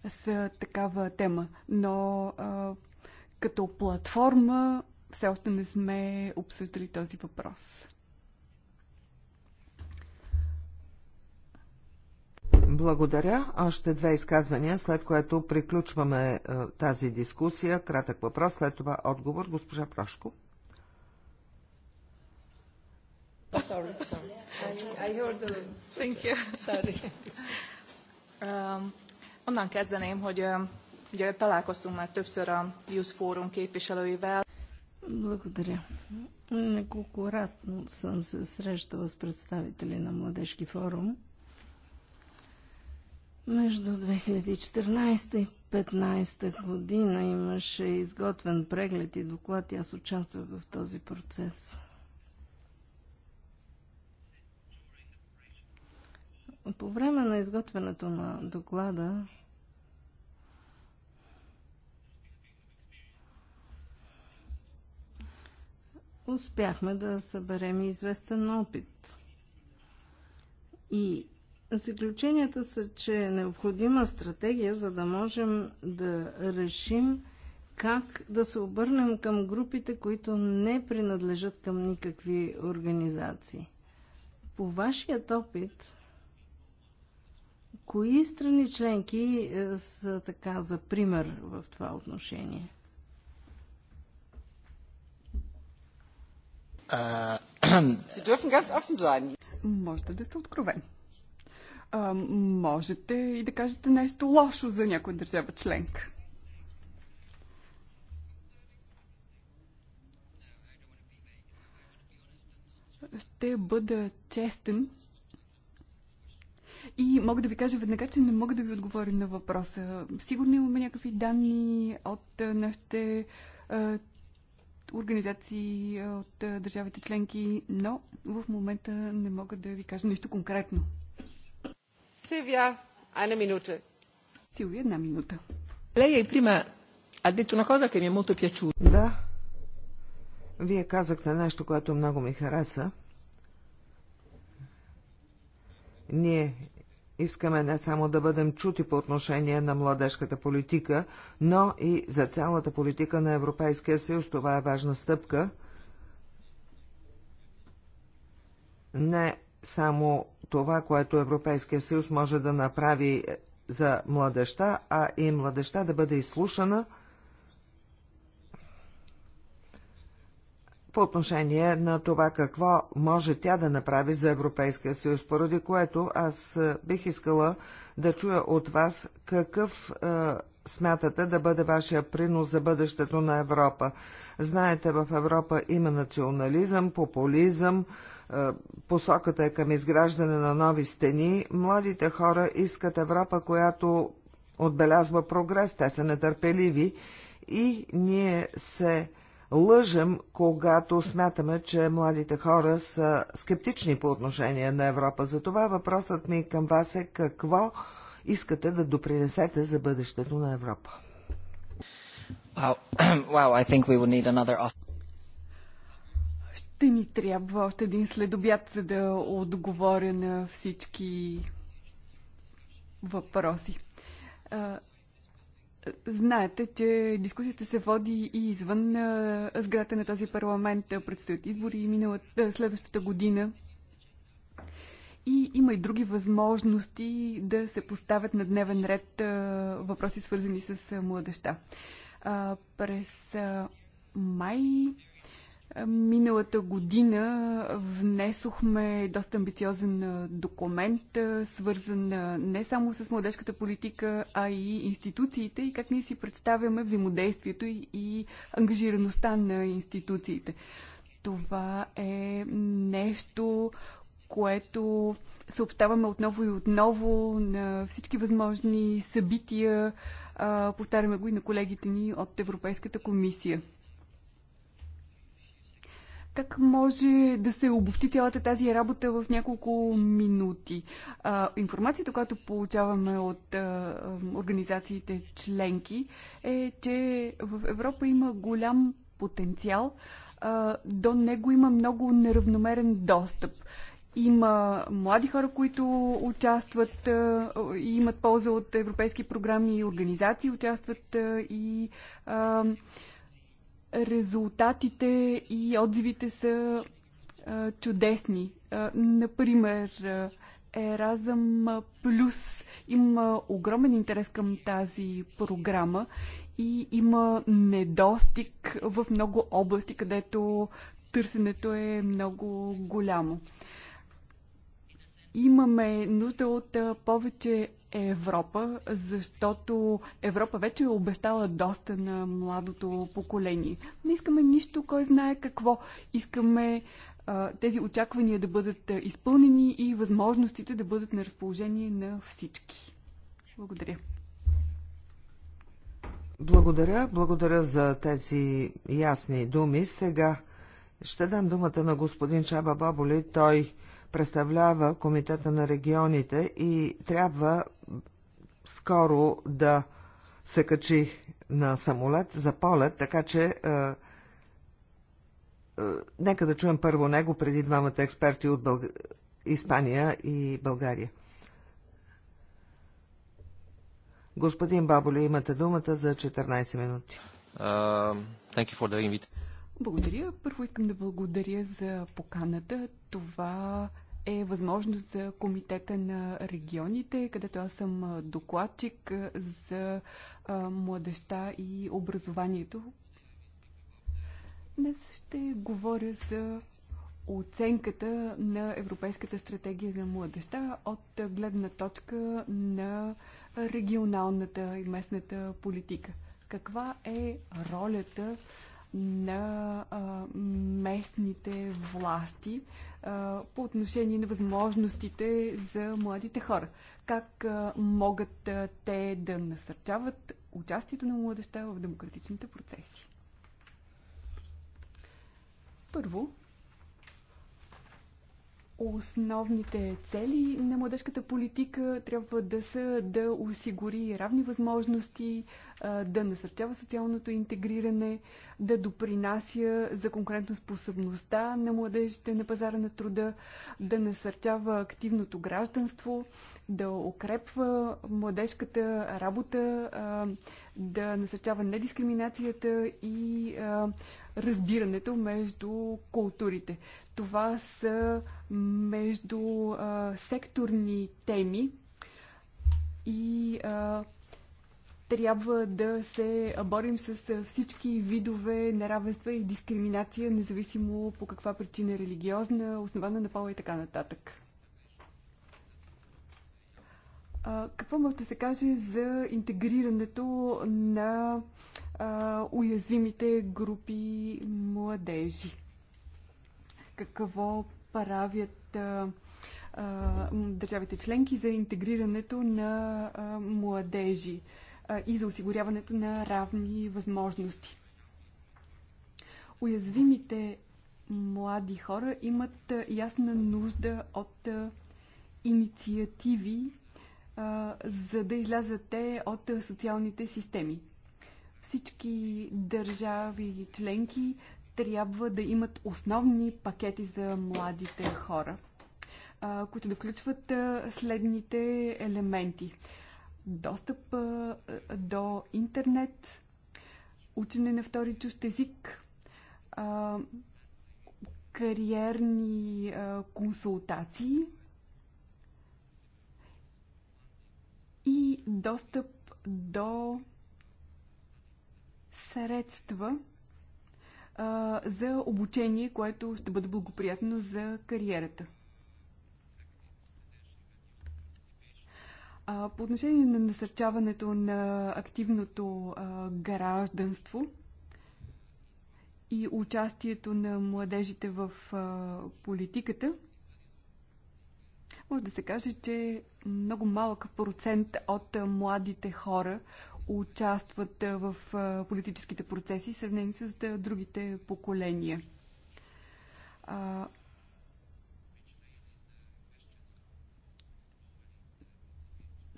са такава тема. Но а, като платформа все още не сме обсъждали този въпрос. Благодаря. Още две изказвания, след което приключваме е, тази дискусия. Кратък въпрос, след това отговор. Госпожа Прошко. Oh, sorry, sorry. I, I heard the... Thank you. Sorry. Um, onnan kezdeném, hogy um, ugye találkoztunk már többször a Youth Forum képviselőivel. Благодаря. Неколкоратно съм се срещала с представители на Младежки форум. Между 2014 и 2015 година имаше изготвен преглед и доклад и аз участвах в този процес. По време на изготвянето на доклада успяхме да съберем известен опит. И заключенията са, че е необходима стратегия, за да можем да решим как да се обърнем към групите, които не принадлежат към никакви организации. По вашият опит, кои страни членки е, са така за пример в това отношение? Äh, Sie dürfen ganz offen sein. Можете да сте откровен. А, можете и да кажете нещо лошо за някоя държава членка. Ще бъда честен и мога да ви кажа веднага, че не мога да ви отговоря на въпроса. Сигурно имаме някакви данни от нашите организации от държавите членки, но в момента не мога да ви кажа нещо конкретно. Силвия, една минута. Силвия, една минута. Лея и прима, а дето на коза, ми е много пячу. Да. Вие казахте нещо, което много ми хареса. Ние Искаме не само да бъдем чути по отношение на младежката политика, но и за цялата политика на Европейския съюз. Това е важна стъпка. Не само това, което Европейския съюз може да направи за младеща, а и младеща да бъде изслушана – по отношение на това какво може тя да направи за Европейския съюз, поради което аз бих искала да чуя от вас какъв е, смятате да бъде вашия принос за бъдещето на Европа. Знаете, в Европа има национализъм, популизъм, е, посоката е към изграждане на нови стени. Младите хора искат Европа, която отбелязва прогрес, те са нетърпеливи и ние се лъжем, когато смятаме, че младите хора са скептични по отношение на Европа. Затова въпросът ми към вас е какво искате да допринесете за бъдещето на Европа? Wow. Wow, Ще ни трябва още един следобят, за да отговоря на всички въпроси. Знаете, че дискусията се води и извън сграда на този парламент. Предстоят избори и миналът, следващата година. И има и други възможности да се поставят на дневен ред въпроси, свързани с младеща. През май е, миналата година внесохме доста амбициозен е, документ, е, свързан не само с младежката политика, а и институциите и как ние си представяме взаимодействието и, ангажираността на институциите. Това е нещо, което съобщаваме отново и отново на всички възможни събития. Повтаряме го и на колегите ни от Европейската комисия. Как може да се обобщи цялата тази работа в няколко минути? А, информацията, която получаваме от а, организациите членки е, че в Европа има голям потенциал. А, до него има много неравномерен достъп. Има млади хора, които участват и имат полза от европейски програми и организации, участват и резултатите и отзивите са а, чудесни. А, например, Еразъм Плюс има огромен интерес към тази програма и има недостиг в много области, където търсенето е много голямо. Имаме нужда от повече Европа, защото Европа вече е обещала доста на младото поколение. Не искаме нищо, кой знае какво. Искаме а, тези очаквания да бъдат изпълнени и възможностите да бъдат на разположение на всички. Благодаря. Благодаря, благодаря за тези ясни думи. Сега ще дам думата на господин Чаба Баболи. Той представлява Комитета на регионите и трябва скоро да се качи на самолет за полет, така че е, е, нека да чуем първо него преди двамата експерти от Бълг... Испания и България. Господин Баболи, имате думата за 14 минути. Uh, thank you for the invite. Благодаря. Първо искам да благодаря за поканата. Това е възможност за Комитета на регионите, където аз съм докладчик за младеща и образованието. Днес ще говоря за оценката на Европейската стратегия за младеща от гледна точка на регионалната и местната политика. Каква е ролята на местните власти по отношение на възможностите за младите хора. Как могат те да насърчават участието на младеща в демократичните процеси? Първо, Основните цели на младежката политика трябва да са да осигури равни възможности, да насърчава социалното интегриране, да допринася за конкурентоспособността на младежите на пазара на труда, да насърчава активното гражданство, да укрепва младежката работа, да насърчава недискриминацията и разбирането между културите. Това са между а, секторни теми и а, трябва да се борим с всички видове неравенства и дискриминация, независимо по каква причина религиозна, основана на пола и така нататък. Какво може да се каже за интегрирането на а, уязвимите групи младежи? Какво правят а, а, държавите членки за интегрирането на а, младежи а, и за осигуряването на равни възможности? Уязвимите млади хора имат ясна нужда от инициативи за да излязат те от социалните системи. Всички държави и членки трябва да имат основни пакети за младите хора, които да включват следните елементи. Достъп до интернет, учене на втори чужд език, кариерни консултации – и достъп до средства а, за обучение, което ще бъде благоприятно за кариерата. А, по отношение на насърчаването на активното а, гражданство и участието на младежите в а, политиката, може да се каже, че много малък процент от младите хора участват в политическите процеси, сравнени с другите поколения.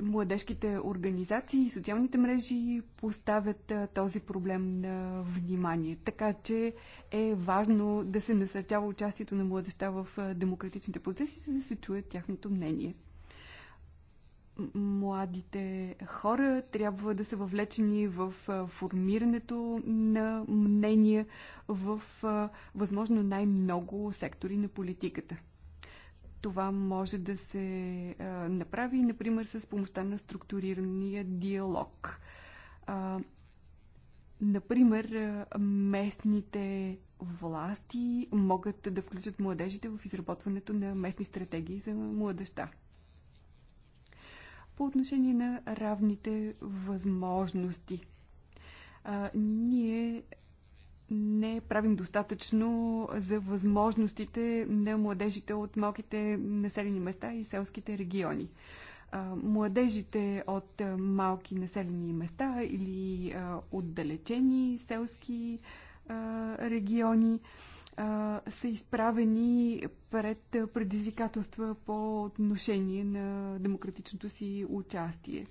младежките организации и социалните мрежи поставят този проблем на внимание. Така че е важно да се насърчава участието на младеща в демократичните процеси, за да се чуе тяхното мнение. Младите хора трябва да са въвлечени в формирането на мнения в възможно най-много сектори на политиката. Това може да се а, направи, например, с помощта на структурирания диалог. А, например, местните власти могат да включат младежите в изработването на местни стратегии за младеща. По отношение на равните възможности, а, ние не правим достатъчно за възможностите на младежите от малките населени места и селските региони. Младежите от малки населени места или отдалечени селски региони са изправени пред предизвикателства по отношение на демократичното си участие.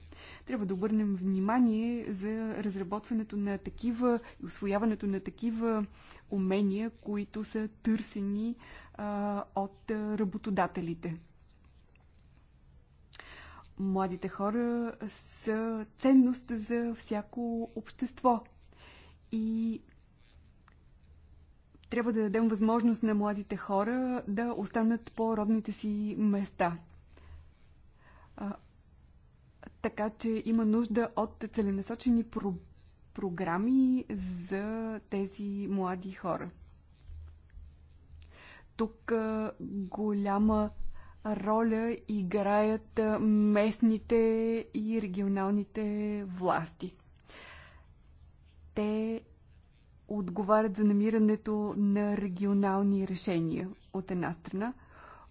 Трябва да обърнем внимание за разработването на такива и освояването на такива умения, които са търсени а, от работодателите. Младите хора са ценност за всяко общество и трябва да дадем възможност на младите хора да останат по родните си места. А, така че има нужда от целенасочени про- програми за тези млади хора. Тук а, голяма роля играят местните и регионалните власти. Те отговарят за намирането на регионални решения от една страна.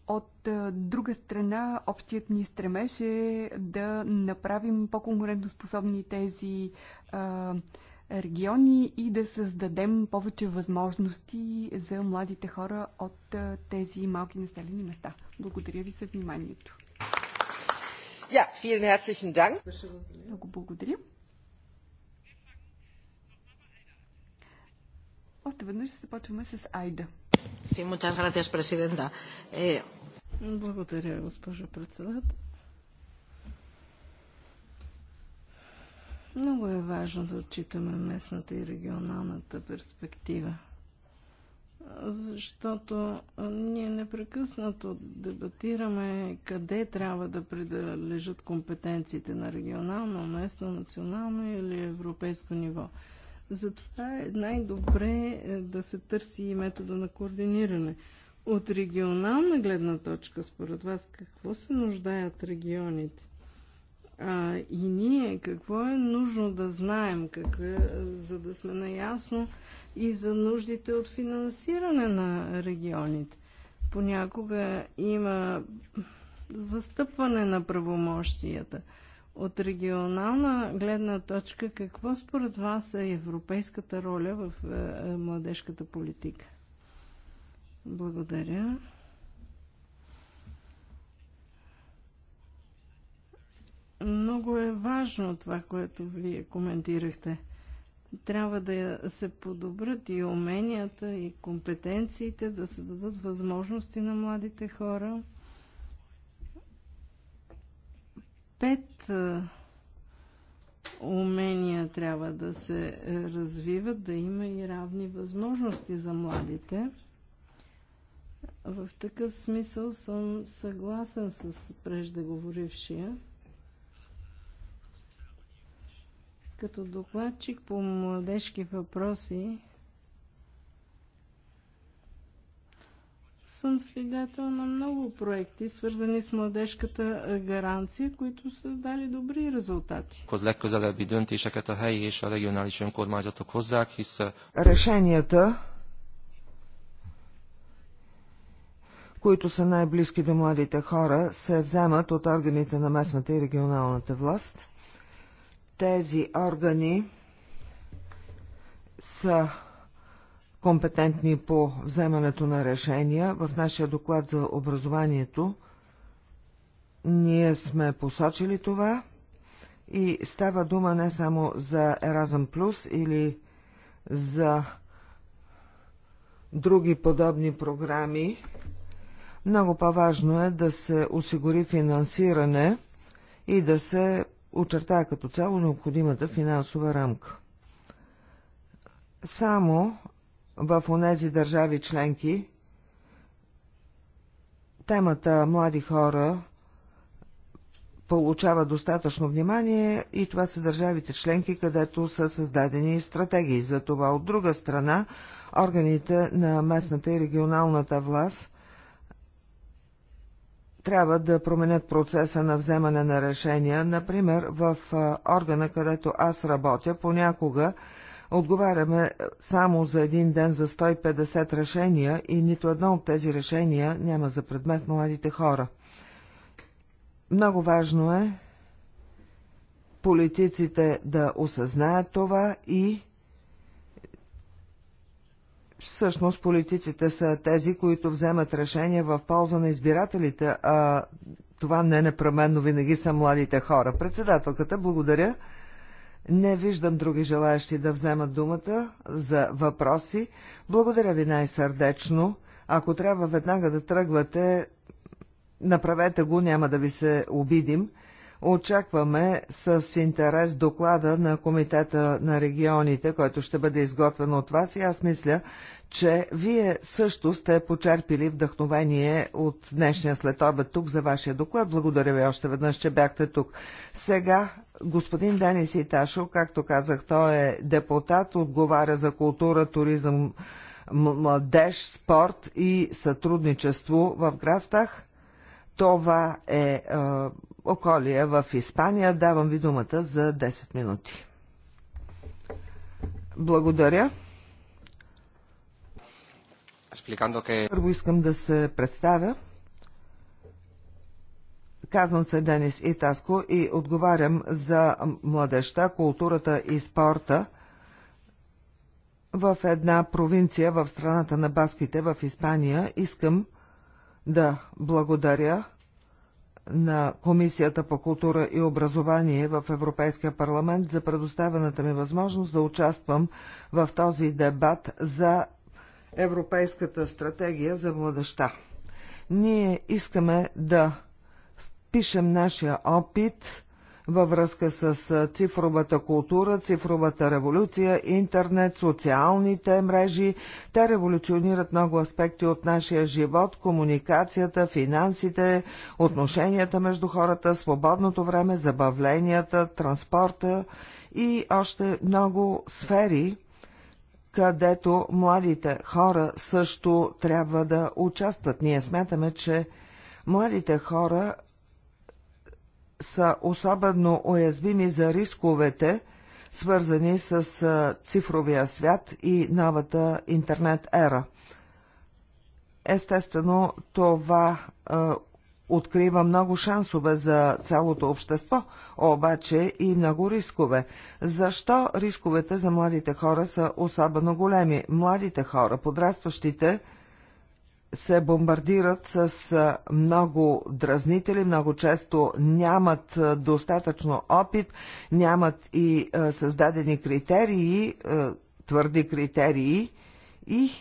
От е, друга страна, общият ни стремеж е да направим по-конкурентоспособни тези а, е, региони и да създадем повече възможности за младите хора от а, е, тези малки населени места. Благодаря ви за вниманието. Ja, vielen herzlichen Dank. Много благодаря. Още веднъж ще започваме с Айда. Sí, muchas gracias, Presidenta. Eh... Благодаря, госпожо председател. Много е важно да отчитаме местната и регионалната перспектива, защото ние непрекъснато дебатираме къде трябва да принадлежат компетенциите на регионално, местно, национално или европейско ниво – затова е най-добре е, да се търси и метода на координиране. От регионална гледна точка, според вас, какво се нуждаят регионите? А, и ние какво е нужно да знаем, как, е, за да сме наясно и за нуждите от финансиране на регионите? Понякога има застъпване на правомощията – от регионална гледна точка, какво според вас е европейската роля в е, е, младежката политика? Благодаря. Много е важно това, което вие коментирахте. Трябва да се подобрят и уменията, и компетенциите, да се дадат възможности на младите хора – пет умения трябва да се развиват, да има и равни възможности за младите. В такъв смисъл съм съгласен с преждеговорившия. Като докладчик по младежки въпроси съм свидетел на много проекти, свързани с младежката гаранция, които са дали добри резултати. Решенията, които са най-близки до младите хора, се вземат от органите на местната и регионалната власт. Тези органи са компетентни по вземането на решения. В нашия доклад за образованието ние сме посочили това и става дума не само за Еразъм Плюс или за други подобни програми. Много по-важно е да се осигури финансиране и да се очертая като цяло необходимата финансова рамка. Само в онези държави членки темата млади хора получава достатъчно внимание и това са държавите членки, където са създадени стратегии. За това от друга страна органите на местната и регионалната власт трябва да променят процеса на вземане на решения. Например, в органа, където аз работя, понякога Отговаряме само за един ден за 150 решения и нито едно от тези решения няма за предмет младите хора. Много важно е политиците да осъзнаят това и всъщност политиците са тези, които вземат решения в полза на избирателите, а това не непременно винаги са младите хора. Председателката, благодаря. Не виждам други желаящи да вземат думата за въпроси. Благодаря ви най-сърдечно. Ако трябва веднага да тръгвате, направете го, няма да ви се обидим. Очакваме с интерес доклада на Комитета на регионите, който ще бъде изготвен от вас и аз мисля, че вие също сте почерпили вдъхновение от днешния следобед тук за вашия доклад. Благодаря ви още веднъж, че бяхте тук. Сега Господин Денис Иташо, както казах, той е депутат, отговаря за култура, туризъм, младеж, спорт и сътрудничество в Грастах. Това е, е околия в Испания. Давам ви думата за 10 минути. Благодаря. Първо искам да се представя. Казвам се Денис Итаско и отговарям за младеща, културата и спорта в една провинция в страната на баските в Испания. Искам да благодаря на Комисията по култура и образование в Европейския парламент за предоставената ми възможност да участвам в този дебат за Европейската стратегия за младеща. Ние искаме да пишем нашия опит във връзка с цифровата култура, цифровата революция, интернет, социалните мрежи. Те революционират много аспекти от нашия живот, комуникацията, финансите, отношенията между хората, свободното време, забавленията, транспорта и още много сфери, където младите хора също трябва да участват. Ние смятаме, че младите хора са особено уязвими за рисковете, свързани с цифровия свят и новата интернет ера. Естествено, това е, открива много шансове за цялото общество, обаче и много рискове. Защо рисковете за младите хора са особено големи? Младите хора, подрастващите, се бомбардират с много дразнители, много често нямат достатъчно опит, нямат и създадени критерии, твърди критерии и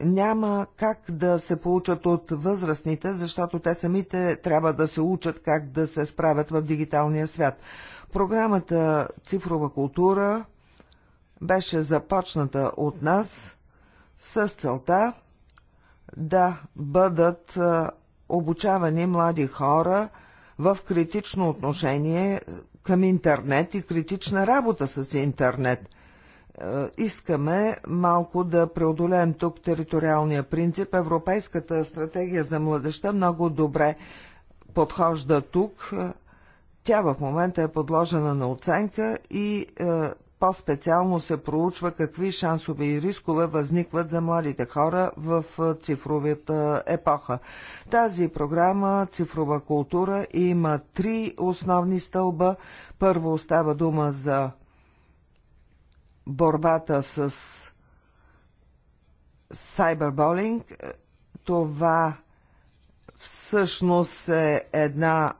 няма как да се получат от възрастните, защото те самите трябва да се учат как да се справят в дигиталния свят. Програмата Цифрова култура беше започната от нас с целта да бъдат обучавани млади хора в критично отношение към интернет и критична работа с интернет. Искаме малко да преодолеем тук териториалния принцип. Европейската стратегия за младеща много добре подхожда тук. Тя в момента е подложена на оценка и по-специално се проучва какви шансове и рискове възникват за младите хора в цифровата епоха. Тази програма Цифрова култура има три основни стълба. Първо става дума за борбата с сайберболинг. Това всъщност е една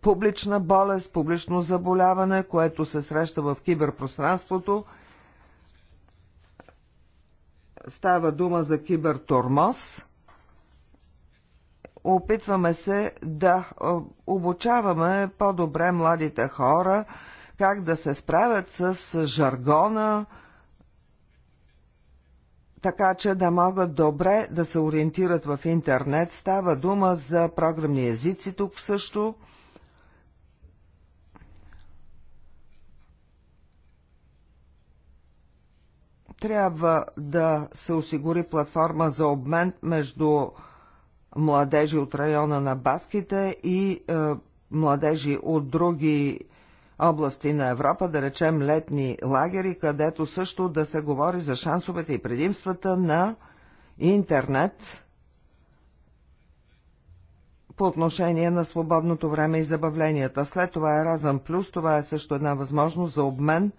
публична болест, публично заболяване, което се среща в киберпространството. Става дума за кибертормоз. Опитваме се да обучаваме по-добре младите хора как да се справят с жаргона, така че да могат добре да се ориентират в интернет. Става дума за програмни езици тук също – трябва да се осигури платформа за обмен между младежи от района на Баските и е, младежи от други области на Европа, да речем летни лагери, където също да се говори за шансовете и предимствата на интернет по отношение на свободното време и забавленията. След това е Разъм Плюс, това е също една възможност за обмен –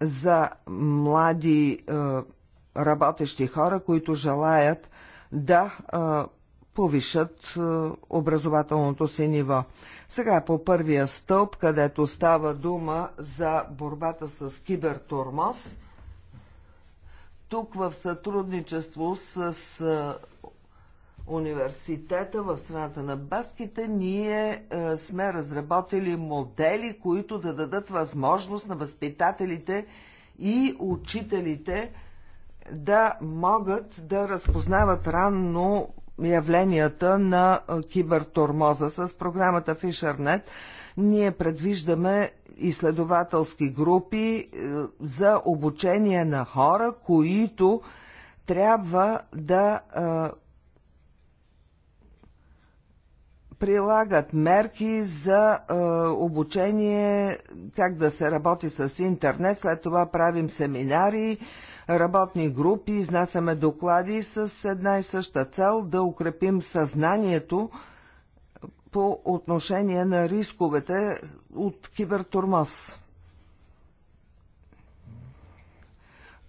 за млади е, работещи хора, които желаят да е, повишат е, образователното си ниво. Сега по първия стълб, където става дума за борбата с кибертормоз, тук в сътрудничество с университета в страната на баските, ние а, е, сме разработили модели, които да дадат възможност на възпитателите и учителите да могат да разпознават ранно явленията на е, кибертормоза. С програмата FisherNet ние предвиждаме изследователски групи е, за обучение на хора, които трябва да прилагат мерки за е, обучение, как да се работи с интернет, след това правим семинари, работни групи, изнасяме доклади с една и съща цел да укрепим съзнанието по отношение на рисковете от кибертурмоз.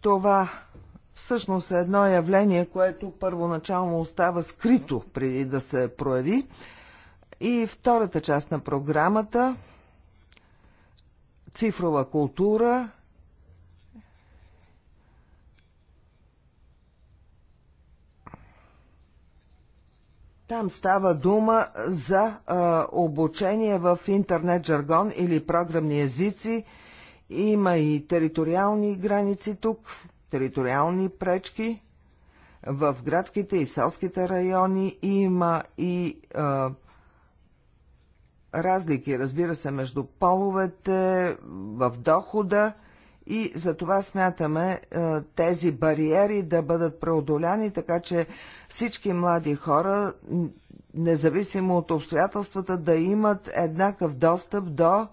Това всъщност е едно явление, което първоначално остава скрито преди да се прояви. И втората част на програмата цифрова култура Там става дума за а, обучение в интернет жаргон или програмни езици. Има и териториални граници тук, териториални пречки. В градските и селските райони има и а, разлики, разбира се, между половете, в дохода и за това смятаме е, тези бариери да бъдат преодоляни, така че всички млади хора, независимо от обстоятелствата, да имат еднакъв достъп до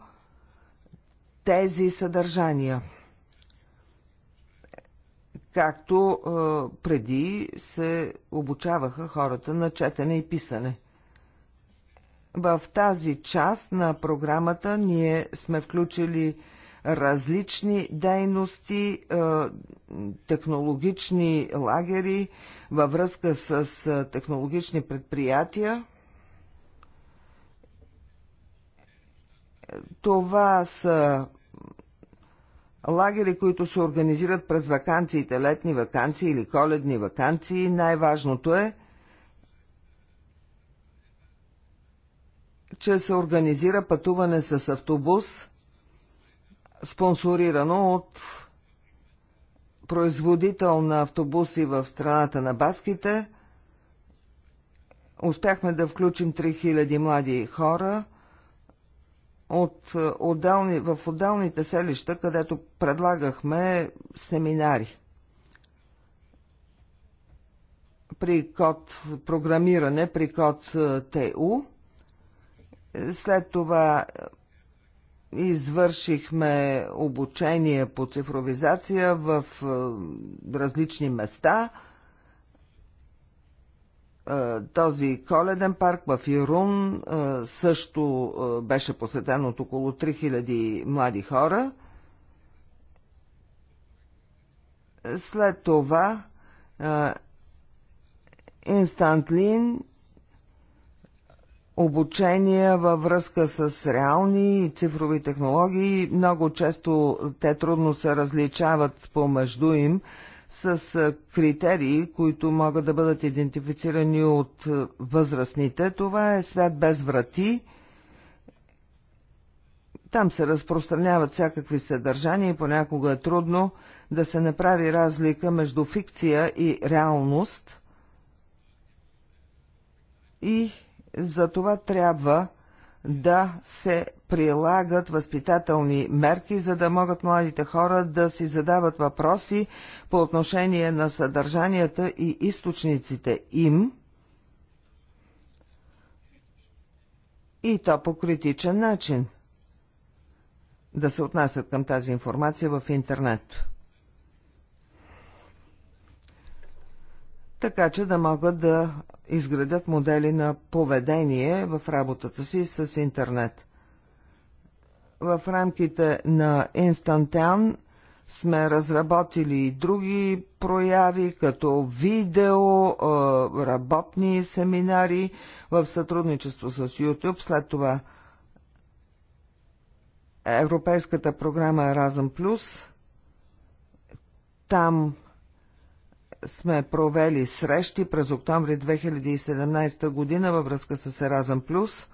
тези съдържания. Както е, преди се обучаваха хората на четене и писане. В тази част на програмата ние сме включили различни дейности, е, технологични лагери във връзка с е, технологични предприятия. Това са лагери, които се организират през вакансиите, летни вакансии или коледни вакансии. Най-важното е че се организира пътуване с автобус, спонсорирано от производител на автобуси в страната на баските. Успяхме да включим 3000 млади хора от е, отделни, в отделните селища, където предлагахме семинари. При код програмиране, при код е, ТУ. Е след това е, извършихме обучение по цифровизация в е, различни места. Е, този коледен парк в Ирун също беше посетен от около 3000 млади хора. След това Инстантлин обучения във връзка с реални и цифрови технологии. Много често те трудно се различават помежду им с критерии, които могат да бъдат идентифицирани от възрастните. Това е свят без врати. Там се разпространяват всякакви съдържания и понякога е трудно да се направи разлика между фикция и реалност. И затова трябва да се прилагат възпитателни мерки, за да могат младите хора да си задават въпроси по отношение на съдържанията и източниците им и то по критичен начин да се отнасят към тази информация в интернет. Така че да могат да изградят модели на поведение в работата си с интернет. В рамките на Instantan сме разработили и други прояви, като видео, е, работни семинари в сътрудничество с YouTube. След това Европейската програма Erasmus Плюс. Там сме провели срещи през октомври 2017 година във връзка с Еразъм Плюс,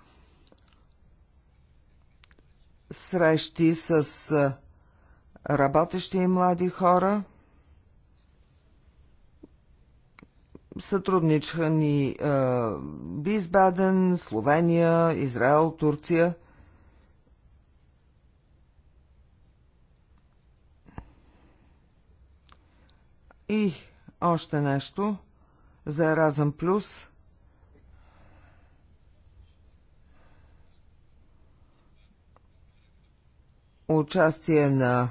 срещи с работещи и млади хора, Сътруднича ни е, Бисбаден, Словения, Израел, Турция – И още нещо за Еразъм Плюс. Участие на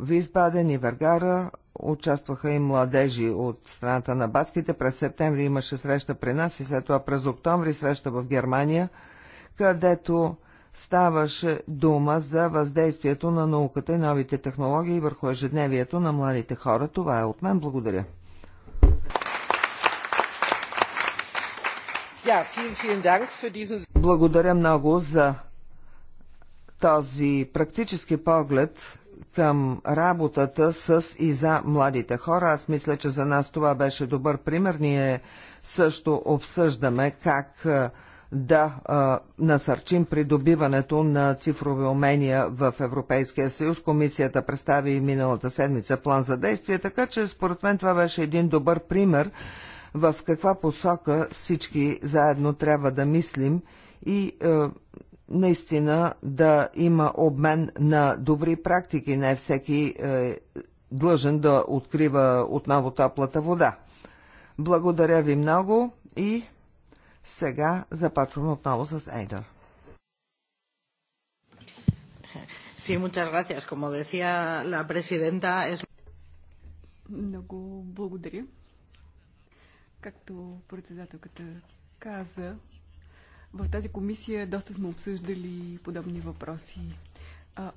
Висбаден и Вергара участваха и младежи от страната на баските. През септември имаше среща при нас и след това през октомври среща в Германия, където ставаше дума за въздействието на науката и новите технологии върху ежедневието на младите хора. Това е от мен. Благодаря. Благодаря много за този практически поглед към работата с и за младите хора. Аз мисля, че за нас това беше добър пример. Ние също обсъждаме как да а, насърчим придобиването на цифрови умения в Европейския съюз. Комисията представи миналата седмица план за действие, така че според мен това беше един добър пример в каква посока всички заедно трябва да мислим и е, наистина да има обмен на добри практики. Не всеки е длъжен да открива отново топлата вода. Благодаря ви много и сега започваме отново с Ейдър. Много благодаря. Както председателката каза, в тази комисия доста сме обсъждали подобни въпроси.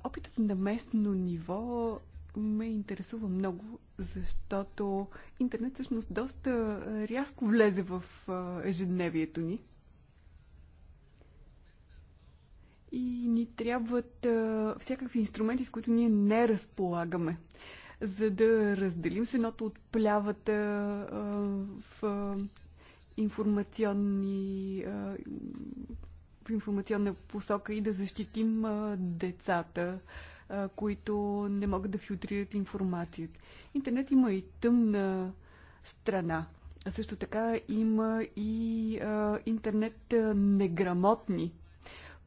Опитът на местно ниво ме интересува много, защото интернет всъщност доста рязко влезе в ежедневието ни. И ни трябват всякакви инструменти, с които ние не разполагаме, за да разделим с едното от плявата в информационни в информационна посока и да защитим децата които не могат да филтрират информацията. Интернет има и тъмна страна. А също така има и а, интернет неграмотни.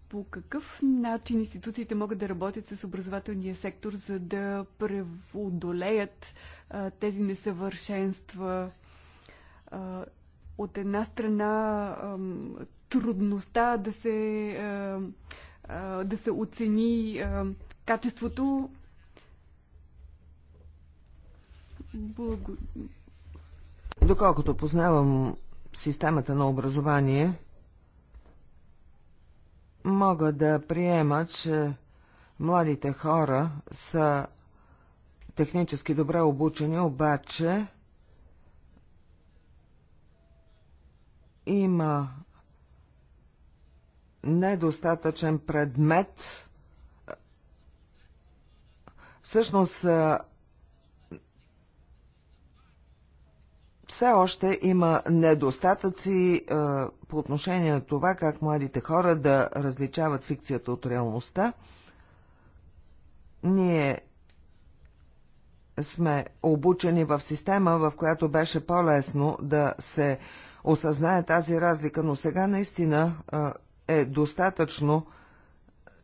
По какъв начин институциите могат да работят с образователния сектор, за да преодолеят а, тези несъвършенства? А, от една страна а, трудността да се а, да се оцени качеството. Благо... Доколкото познавам системата на образование, мога да приема, че младите хора са технически добре обучени, обаче има недостатъчен предмет всъщност все още има недостатъци по отношение на това как младите хора да различават фикцията от реалността. Ние сме обучени в система, в която беше по-лесно да се осъзнае тази разлика, но сега наистина е достатъчно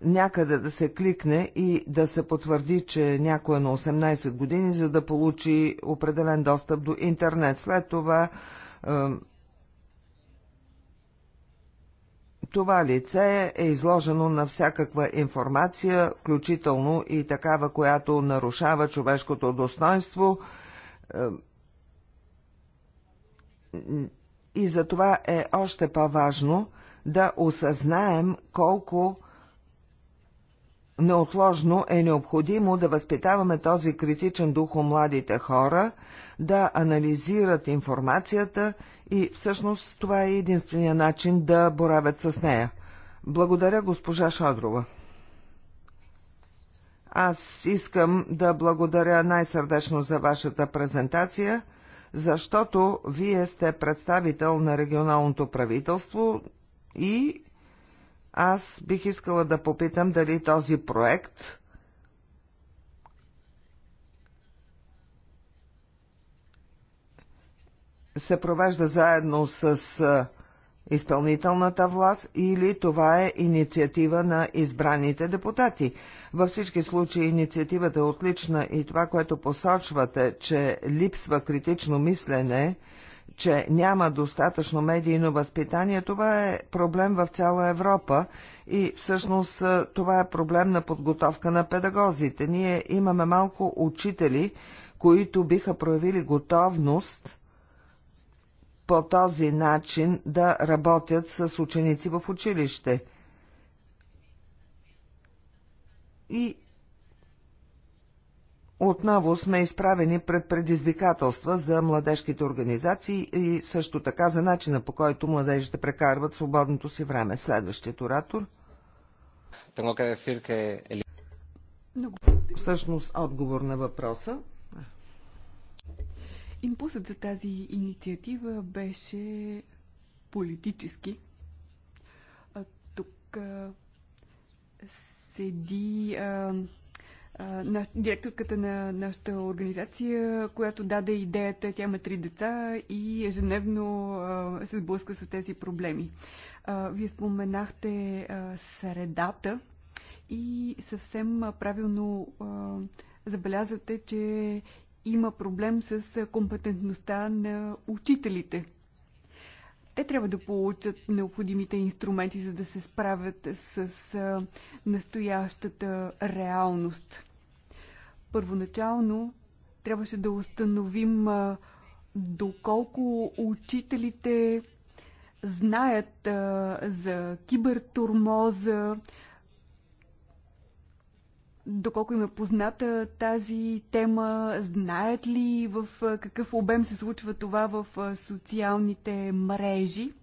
някъде да се кликне и да се потвърди, че някой е на 18 години, за да получи определен достъп до интернет. След това това лице е изложено на всякаква информация, включително и такава, която нарушава човешкото достоинство. И за това е още по-важно да осъзнаем колко неотложно е необходимо да възпитаваме този критичен дух у младите хора, да анализират информацията и всъщност това е единствения начин да боравят с нея. Благодаря, госпожа Шодрова. Аз искам да благодаря най-сърдечно за вашата презентация, защото вие сте представител на регионалното правителство, и аз бих искала да попитам дали този проект се провежда заедно с изпълнителната власт или това е инициатива на избраните депутати. Във всички случаи инициативата е отлична и това, което посочвате, че липсва критично мислене, че няма достатъчно медийно възпитание, това е проблем в цяла Европа и всъщност това е проблем на подготовка на педагозите. Ние имаме малко учители, които биха проявили готовност по този начин да работят с ученици в училище. И отново сме изправени пред предизвикателства за младежките организации и също така за начина по който младежите прекарват свободното си време. Следващият оратор. Много. Всъщност отговор на въпроса. Импулсът за тази инициатива беше политически. А, тук а, седи а, наш, директорката на нашата организация, която даде идеята. Тя има три деца и ежедневно а, се сблъска с тези проблеми. А, вие споменахте а, средата и съвсем правилно забелязате, че има проблем с компетентността на учителите. Те трябва да получат необходимите инструменти, за да се справят с настоящата реалност. Първоначално трябваше да установим доколко учителите знаят а, за кибертурмоза, доколко им е позната тази тема, знаят ли в какъв обем се случва това в социалните мрежи.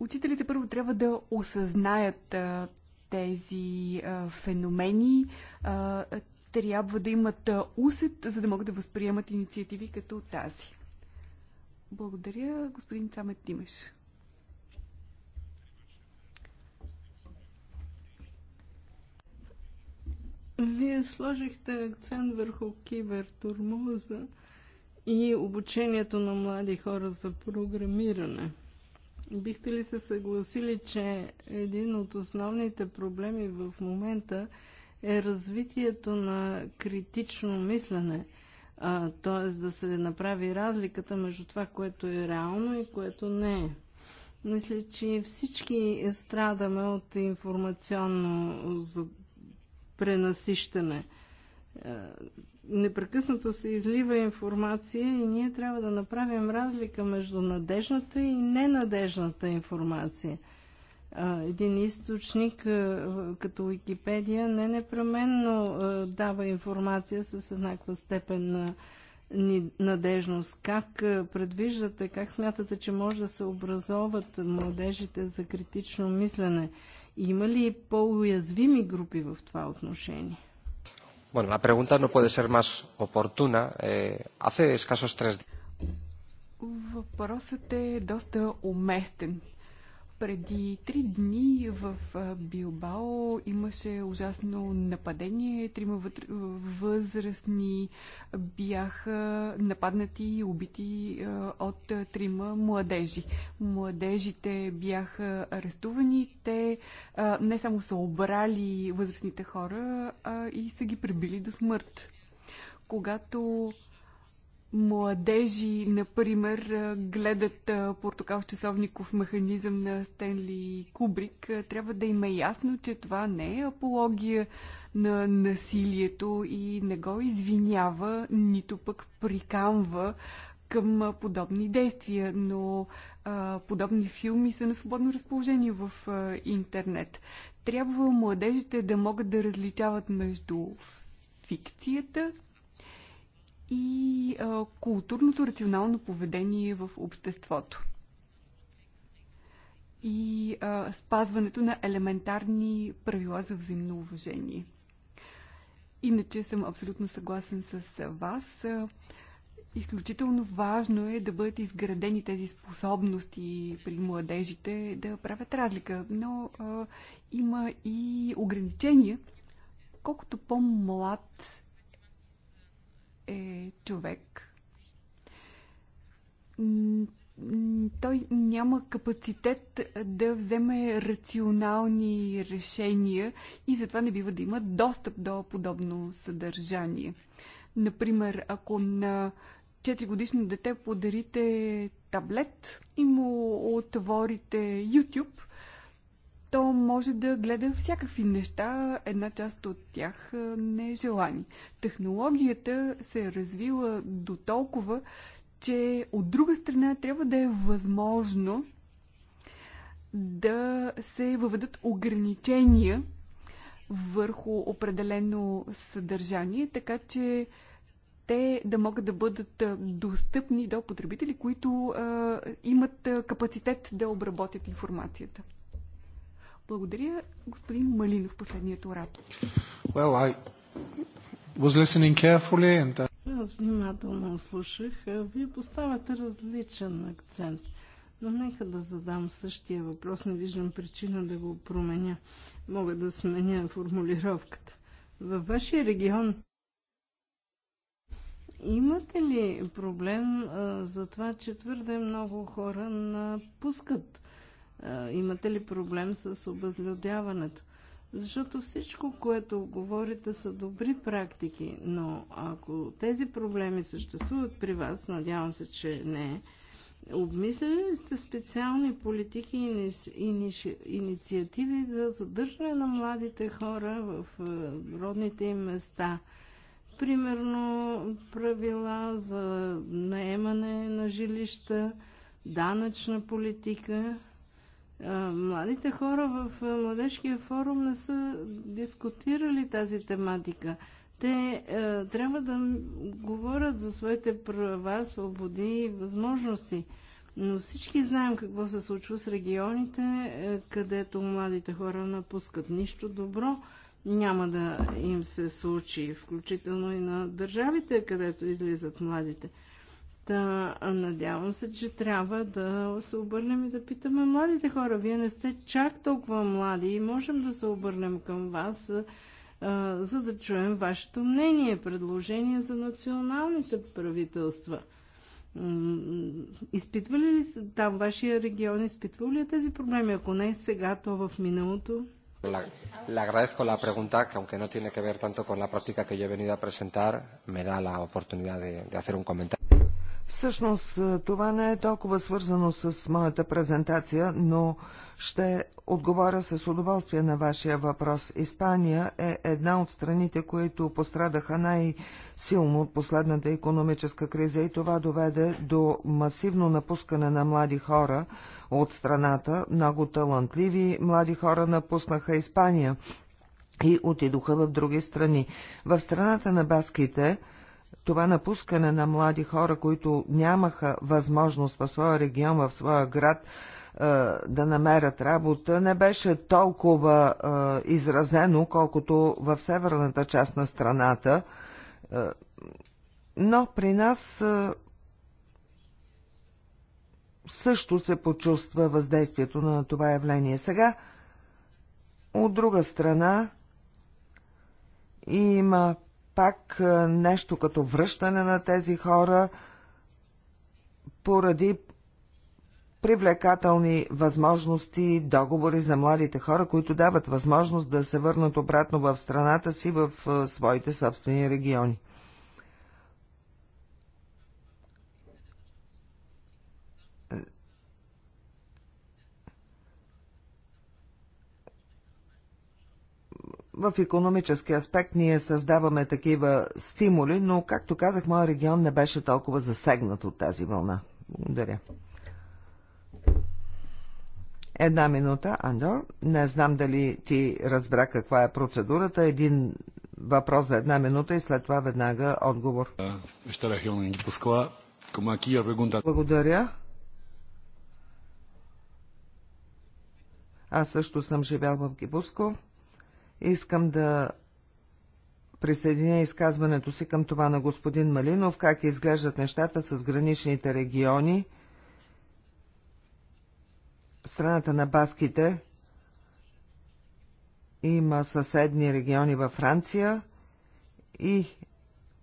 Учителите първо трябва да осъзнаят а, тези а, феномени, а, трябва да имат усет, за да могат да възприемат инициативи като тази. Благодаря, господин Цамет Тимеш. Вие сложихте акцент върху кибертурмоза и обучението на млади хора за програмиране – Бихте ли се съгласили, че един от основните проблеми в момента е развитието на критично мислене, т.е. да се направи разликата между това, което е реално и което не е? Мисля, че всички страдаме от информационно пренасищане – е, непрекъснато се излива информация и ние трябва да направим разлика между надежната и ненадежната информация. Е, един източник е, като Википедия не непременно дава информация с еднаква степен на надежност. Как предвиждате, как смятате, че може да се образоват младежите за критично мислене? Има ли по-уязвими групи в това отношение? Bueno, la pregunta no puede ser más oportuna. Eh, hace escasos tres días. Въпросът е доста уместен. Преди три дни в Билбао имаше ужасно нападение. Трима възрастни бяха нападнати и убити от трима младежи. Младежите бяха арестувани. Те не само са обрали възрастните хора, а и са ги прибили до смърт. Когато младежи, например, гледат портокал-часовников механизъм на Стенли Кубрик, трябва да им е ясно, че това не е апология на насилието и не го извинява, нито пък приканва към подобни действия, но а, подобни филми са на свободно разположение в а, интернет. Трябва младежите да могат да различават между фикцията и а, културното рационално поведение в обществото и а, спазването на елементарни правила за взаимно уважение. Иначе съм абсолютно съгласен с вас. Изключително важно е да бъдат изградени тези способности при младежите да правят разлика, но а, има и ограничения. Колкото по-млад е човек. Той няма капацитет да вземе рационални решения и затова не бива да има достъп до подобно съдържание. Например, ако на 4-годишно дете подарите таблет и му отворите YouTube, то може да гледа всякакви неща, една част от тях нежелани. Технологията се е развила до толкова, че от друга страна трябва да е възможно да се въведат ограничения върху определено съдържание, така че те да могат да бъдат достъпни до потребители, които а, имат капацитет да обработят информацията. Благодаря. Господин Малинов, последният оратор. Well, I was listening carefully and... I... Uh, Аз внимателно слушах. Вие поставяте различен акцент. Но нека да задам същия въпрос. Не виждам причина да го променя. Мога да сменя формулировката. Във вашия регион имате ли проблем а, за това, че твърде много хора напускат Имате ли проблем с обезлюдяването? Защото всичко, което говорите, са добри практики, но ако тези проблеми съществуват при вас, надявам се, че не, обмисляли ли сте специални политики и инициативи за задържане на младите хора в родните им места? Примерно правила за наемане на жилища, данъчна политика – Младите хора в Младежкия форум не са дискутирали тази тематика. Те трябва да говорят за своите права, свободи и възможности. Но всички знаем какво се случва с регионите, е, където младите хора напускат нищо добро. Няма да им се случи, включително и на държавите, където излизат младите. Та, надявам се, че трябва да се обърнем и да питаме младите хора. Вие не сте чак толкова млади и можем да се обърнем към вас, а, за да чуем вашето мнение, предложение за националните правителства. Изпитвали ли там вашия регион, изпитвал ли е тези проблеми? Ако не сега, то в миналото? Le agradezco la pregunta, que aunque no tiene que ver tanto con la práctica que yo he venido a presentar, me da la oportunidad de, de hacer un comentario. Всъщност е, това не е толкова свързано с моята презентация, но ще отговоря с удоволствие на вашия въпрос. Испания е една от страните, които пострадаха най-силно от последната економическа криза и това доведе до масивно напускане на млади хора от страната. Много талантливи млади хора напуснаха Испания и отидоха в други страни. В страната на баските – това напускане на млади хора, които нямаха възможност в своя регион, в своя град е, да намерят работа, не беше толкова е, изразено, колкото в северната част на страната. Е, но при нас също се почувства въздействието на това явление. Сега, от друга страна, има пак е, нещо като връщане на тези хора поради привлекателни възможности, договори за младите хора, които дават възможност да се върнат обратно в страната си в е, своите собствени региони. в економически аспект ние създаваме такива стимули, но, както казах, моят регион не беше толкова засегнат от тази вълна. Благодаря. Една минута, Андор. Не знам дали ти разбра каква е процедурата. Един въпрос за една минута и след това веднага отговор. Благодаря. Аз също съм живял в Гибуско. Искам да присъединя изказването си към това на господин Малинов, как изглеждат нещата с граничните региони. Страната на баските има съседни региони във Франция и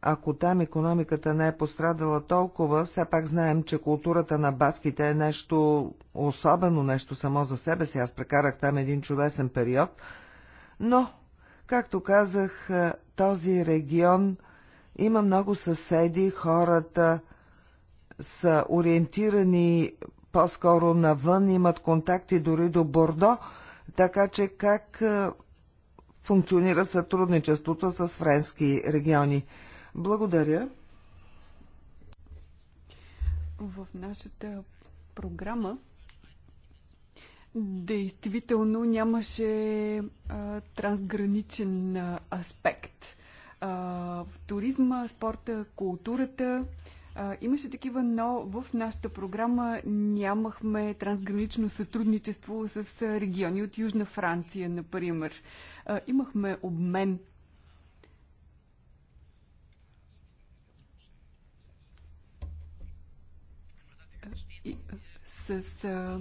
ако там економиката не е пострадала толкова, все пак знаем, че културата на баските е нещо особено, нещо само за себе си. Аз прекарах там един чудесен период – но, както казах, е, този регион има много съседи, хората са ориентирани по-скоро навън, имат контакти дори до Бордо, така че как е, функционира сътрудничеството с френски региони. Благодаря. В нашата програма действително нямаше а, трансграничен а, аспект. А, туризма, спорта, културата. А, имаше такива, но в нашата програма нямахме трансгранично сътрудничество с региони от Южна Франция, например. А, имахме обмен. И, с а,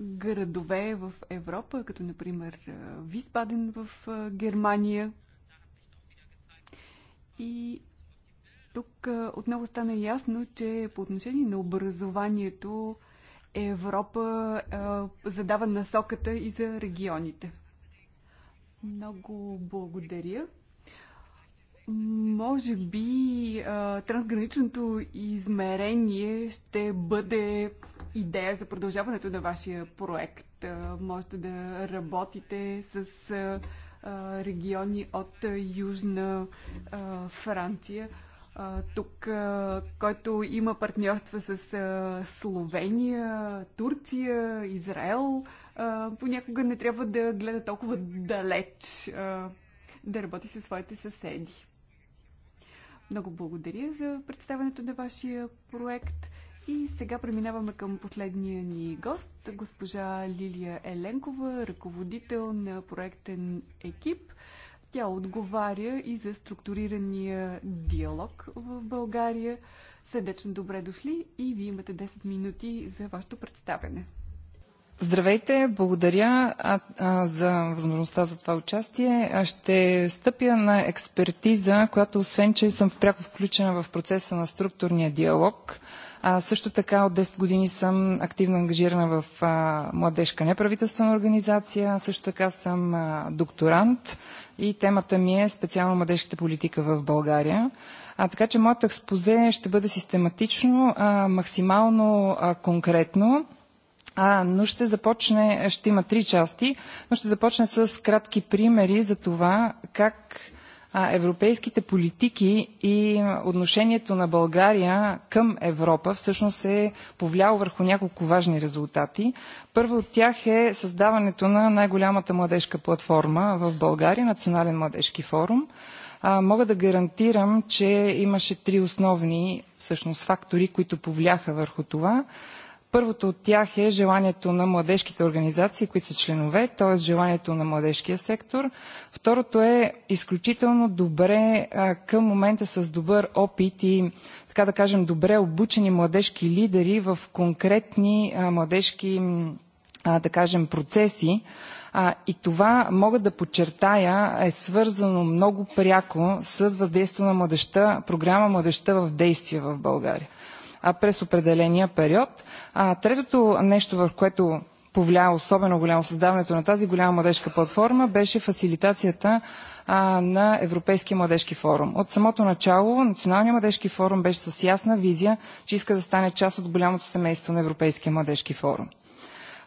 градове в Европа, като например Висбаден в Германия. И тук отново стана ясно, че по отношение на образованието Европа задава насоката и за регионите. Много благодаря. Може би трансграничното измерение ще бъде идея за продължаването на вашия проект. Можете да работите с региони от Южна Франция. Тук, който има партньорства с Словения, Турция, Израел, понякога не трябва да гледа толкова далеч да работи със своите съседи. Много благодаря за представенето на вашия проект. И сега преминаваме към последния ни гост, госпожа Лилия Еленкова, ръководител на проектен екип. Тя отговаря и за структурирания диалог в България. Сърдечно добре дошли и вие имате 10 минути за вашето представене. Здравейте, благодаря а, а, за възможността за това участие. А ще стъпя на експертиза, която освен, че съм пряко включена в процеса на структурния диалог – а, също така от 10 години съм активно ангажирана в а, младежка неправителствена организация. Също така съм а, докторант и темата ми е специално младежката политика в България. А, така че моето експозе ще бъде систематично, а, максимално а, конкретно. А, но ще започне, ще има три части, но ще започне с кратки примери за това как европейските политики и отношението на България към Европа всъщност е повлияло върху няколко важни резултати. Първо от тях е създаването на най-голямата младежка платформа в България, Национален младежки форум. А, мога да гарантирам, че имаше три основни всъщност фактори, които повлияха върху това. Първото от тях е желанието на младежките организации, които са членове, т.е. желанието на младежкия сектор. Второто е изключително добре към момента с добър опит и така да кажем добре обучени младежки лидери в конкретни младежки да кажем, процеси. А, и това, мога да подчертая, е свързано много пряко с въздействието на младеща, програма Младеща в действие в България а през определения период. А, третото нещо, върху което повлия особено голямо създаването на тази голяма младежка платформа, беше фасилитацията а, на Европейския младежки форум. От самото начало Националния младежки форум беше с ясна визия, че иска да стане част от голямото семейство на Европейския младежки форум.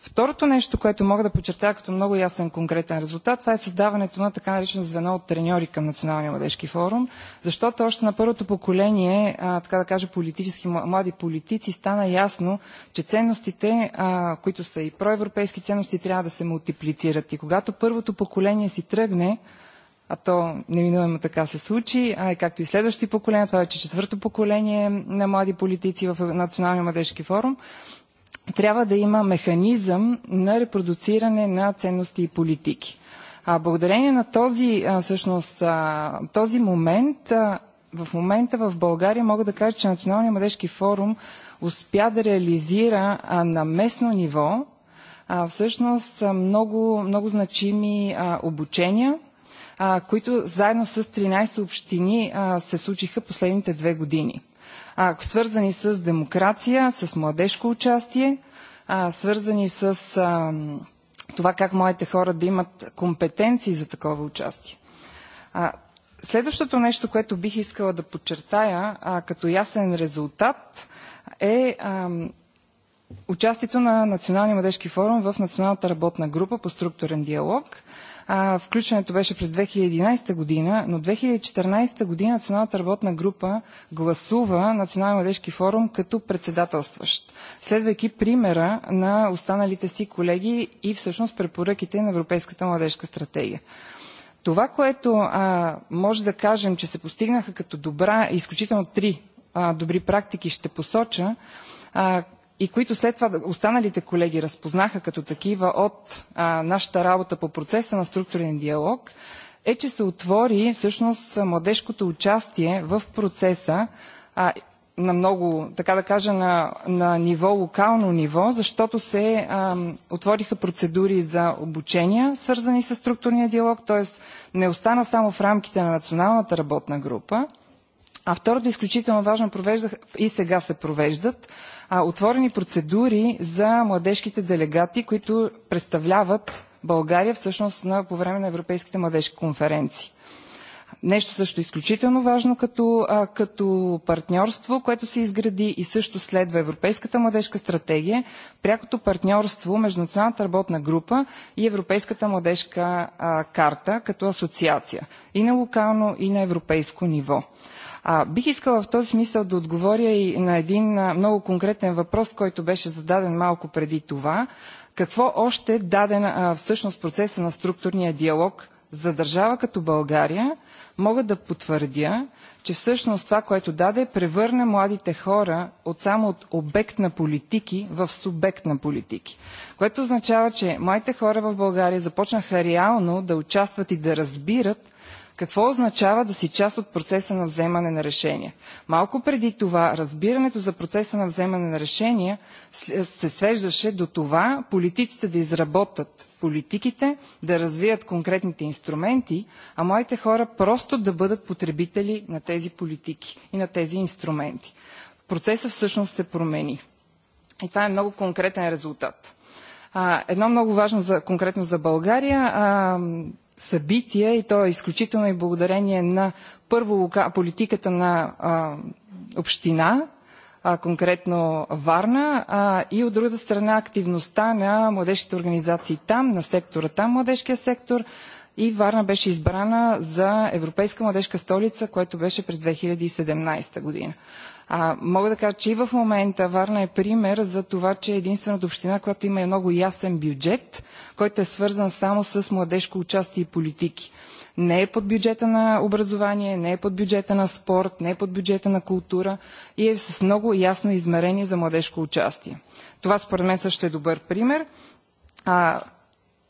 Второто нещо, което мога да подчертая като много ясен конкретен резултат, това е създаването на така наречено звено от треньори към Националния младежки форум, защото още на първото поколение, а, така да кажа, политически, млади политици, стана ясно, че ценностите, а, които са и проевропейски ценности, трябва да се мултиплицират. И когато първото поколение си тръгне, а то неминуемо така се случи, а и както и следващи поколения, това е че четвърто поколение на млади политици в Националния младежки форум, трябва да има механизъм на репродуциране на ценности и политики. А благодарение на този, а, всъщност, а, този момент, а, в момента в България мога да кажа, че Националният младежки форум успя да реализира а, на местно ниво а, всъщност много, много значими а, обучения, които заедно с 13 общини се случиха последните две години а, свързани с демокрация, с младежко участие, а, свързани с а, това как моите хора да имат компетенции за такова участие. А, следващото нещо, което бих искала да подчертая а, като ясен резултат е а, участието на Националния младежки форум в Националната работна група по структурен диалог – а, включването беше през 2011 година, но 2014 година Националната работна група гласува Национален младежки форум като председателстващ, следвайки примера на останалите си колеги и всъщност препоръките на Европейската младежка стратегия. Това, което а, може да кажем, че се постигнаха като добра, изключително три а, добри практики, ще посоча. А, и които след това останалите колеги разпознаха като такива от а, нашата работа по процеса на структурен диалог, е, че се отвори всъщност младежкото участие в процеса а, на много, така да кажа, на, на ниво, локално ниво, защото се а, отвориха процедури за обучения, свързани с структурния диалог, т.е. не остана само в рамките на националната работна група, а второто изключително важно провеждах и сега се провеждат а, отворени процедури за младежките делегати, които представляват България всъщност на, по време на европейските младежки конференции. Нещо също изключително важно като, а, като партньорство, което се изгради и също следва Европейската младежка стратегия, прякото партньорство между Националната работна група и Европейската младежка а, карта като асоциация и на локално, и на европейско ниво. А, бих искала в този смисъл да отговоря и на един много конкретен въпрос, който беше зададен малко преди това. Какво още даден а, всъщност процеса на структурния диалог за държава като България, мога да потвърдя, че всъщност това, което даде, превърна младите хора от само от обект на политики в субект на политики. Което означава, че младите хора в България започнаха реално да участват и да разбират какво означава да си част от процеса на вземане на решения? Малко преди това разбирането за процеса на вземане на решения е, се свеждаше до това политиците да изработят политиките, да развият конкретните инструменти, а моите хора просто да бъдат потребители на тези политики и на тези инструменти. Процесът всъщност се промени. И това е много конкретен резултат. едно много важно за, конкретно за България. Събития, и то е изключително и благодарение на първо политиката на а, община, а, конкретно Варна, а, и от друга страна активността на младежките организации там, на сектора там, младежкия сектор. И Варна беше избрана за Европейска младежка столица, което беше през 2017 година. А, мога да кажа, че и в момента Варна е пример за това, че е единствената община, която има много ясен бюджет, който е свързан само с младежко участие и политики. Не е под бюджета на образование, не е под бюджета на спорт, не е под бюджета на култура и е с много ясно измерение за младежко участие. Това според мен също е добър пример. А,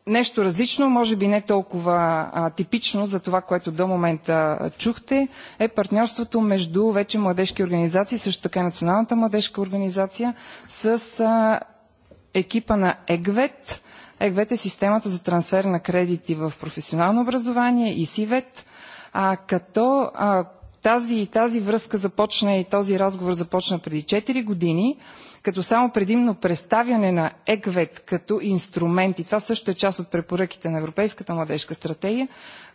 нещо различно, може би не толкова а, типично за това, което до момента чухте, е партньорството между вече младежки организации, също така и Националната младежка организация, с а, екипа на ЕГВЕТ. ЕГВЕТ е системата за трансфер на кредити в професионално образование и СИВЕТ, а, като а, тази, тази връзка започна и този разговор започна преди 4 години като само предимно представяне на ЕКВЕД като инструмент, и това също е част от препоръките на Европейската младежка стратегия,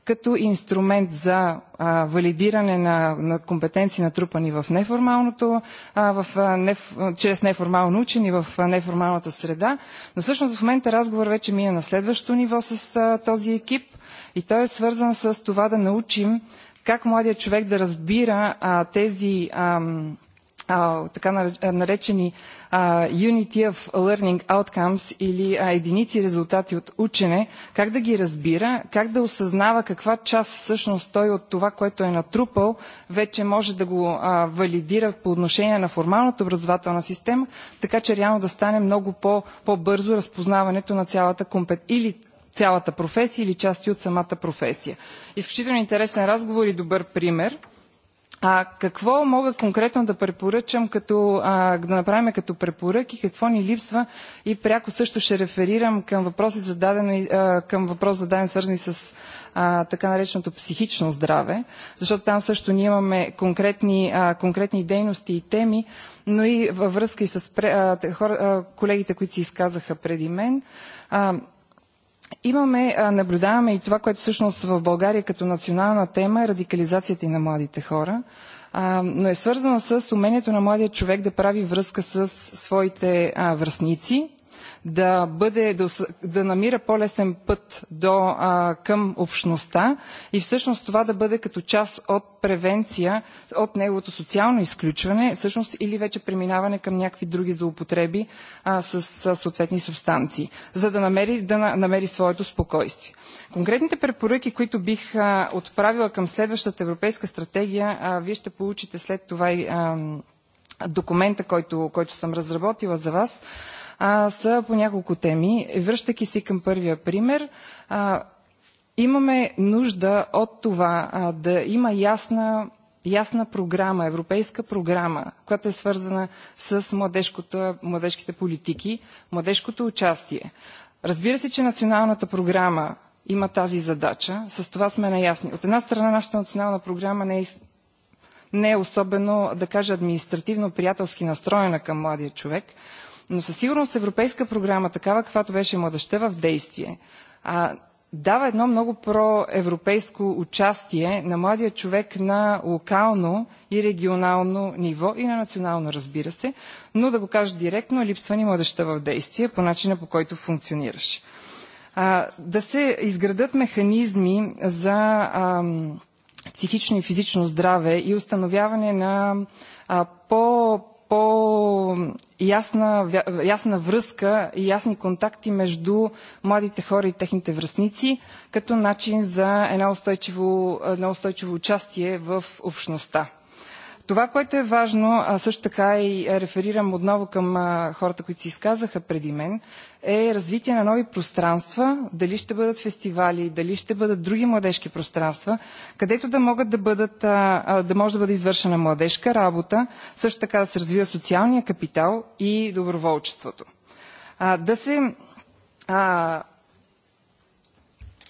като инструмент за а, валидиране на, на компетенции натрупани в неформалното, а, в, а, не, чрез неформално учени в а, неформалната среда. Но всъщност в момента разговор вече мина е на следващото ниво с а, този екип и той е свързан с това да научим как младият човек да разбира а, тези ам, така наречени Unity of Learning Outcomes или единици резултати от учене, как да ги разбира, как да осъзнава каква част всъщност той от това, което е натрупал, вече може да го валидира по отношение на формалната образователна система, така че реално да стане много по- по-бързо разпознаването на цялата компетенция или цялата професия или части от самата професия. Изключително интересен разговор и добър пример – а, какво мога конкретно да препоръчам, като, а, да направим като препоръки, какво ни липсва и пряко също ще реферирам към въпроси зададени, а, към въпрос зададен свързани с а, така нареченото психично здраве, защото там също ние имаме конкретни, а, конкретни дейности и теми, но и във връзка и с а, хора, а, колегите, които се изказаха преди мен. А, Имаме, наблюдаваме и това, което всъщност в България като национална тема е радикализацията и на младите хора, но е свързано с умението на младия човек да прави връзка с своите връзници да, бъде, да, да намира по-лесен път до, а, към общността и всъщност това да бъде като част от превенция от неговото социално изключване, всъщност или вече преминаване към някакви други злоупотреби а, с, с съответни субстанции, за да намери, да намери своето спокойствие. Конкретните препоръки, които бих а, отправила към следващата европейска стратегия, а, вие ще получите след това и а, документа, който, който съм разработила за вас а, са по няколко теми. Връщайки се към първия пример, а, имаме нужда от това а, да има ясна ясна програма, европейска програма, която е свързана с младежките политики, младежкото участие. Разбира се, че националната програма има тази задача. С това сме наясни. От една страна, нашата национална програма не е, не е особено, да кажа, административно приятелски настроена към младия човек, но със сигурност европейска програма, такава каквато беше младеща в действие, а, дава едно много проевропейско участие на младия човек на локално и регионално ниво и на национално, разбира се, но да го кажа директно, липсва ни младеща в действие по начина по който функционираш. А, да се изградат механизми за а, психично и физично здраве и установяване на а, по по-ясна ясна връзка и ясни контакти между младите хора и техните връзници като начин за едно устойчиво, едно устойчиво участие в общността. Това, което е важно, а също така и реферирам отново към хората, които се изказаха преди мен, е развитие на нови пространства, дали ще бъдат фестивали, дали ще бъдат други младежки пространства, където да могат да бъдат, да може да бъде извършена младежка работа, също така да се развива социалния капитал и доброволчеството. А, да се а,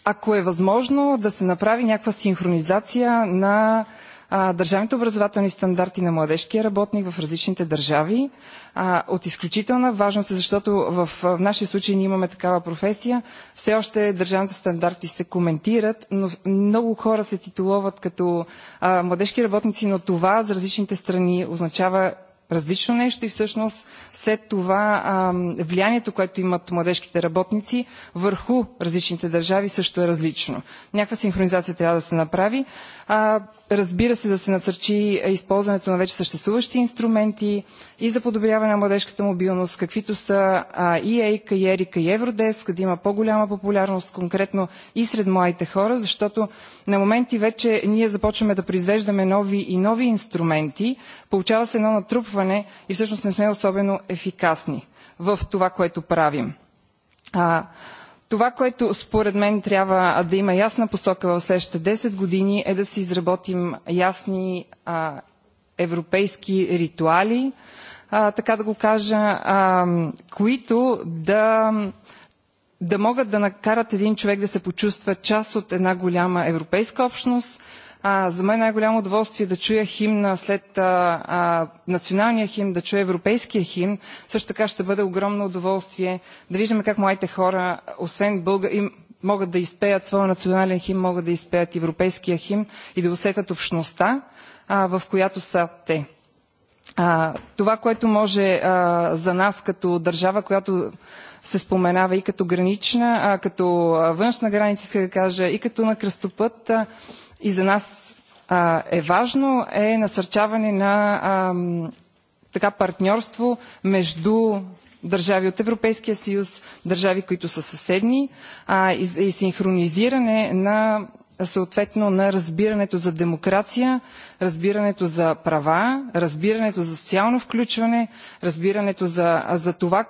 ако е възможно да се направи някаква синхронизация на а, държавните образователни стандарти на младежкия работник в различните държави. А, от изключителна важност е, защото в, в нашия случай ние имаме такава професия. Все още държавните стандарти се коментират, но много хора се титулуват като а, младежки работници, но това за различните страни означава различно нещо и всъщност след това а, влиянието, което имат младежките работници върху различните държави също е различно. Някаква синхронизация трябва да се направи. А, Разбира се да се насърчи използването на вече съществуващи инструменти и за подобряване на младежката мобилност, каквито са и ЕИКА, и ЕРИКА, и Евродеск, да има по-голяма популярност конкретно и сред младите хора, защото на моменти вече ние започваме да произвеждаме нови и нови инструменти, получава се едно натрупване и всъщност не сме особено ефикасни в това, което правим. Това, което според мен трябва да има ясна посока в следващите 10 години е да си изработим ясни а, европейски ритуали, а, така да го кажа, а, които да, да могат да накарат един човек да се почувства част от една голяма европейска общност, а, за мен най-голямо удоволствие е да чуя химна след а, а, националния химн, да чуя европейския химн. Също така ще бъде огромно удоволствие да виждаме как моите хора, освен българ, им, могат да изпеят своя национален химн, могат да изпеят европейския химн и да усетят общността, а, в която са те. А, това, което може а, за нас като държава, която се споменава и като гранична, а, като външна граница, да кажа, и като на кръстопът, а, и за нас а, е важно, е насърчаване на а, така партньорство между държави от Европейския съюз, държави, които са съседни а, и, и синхронизиране на съответно на разбирането за демокрация, разбирането за права, разбирането за социално включване, разбирането за, за това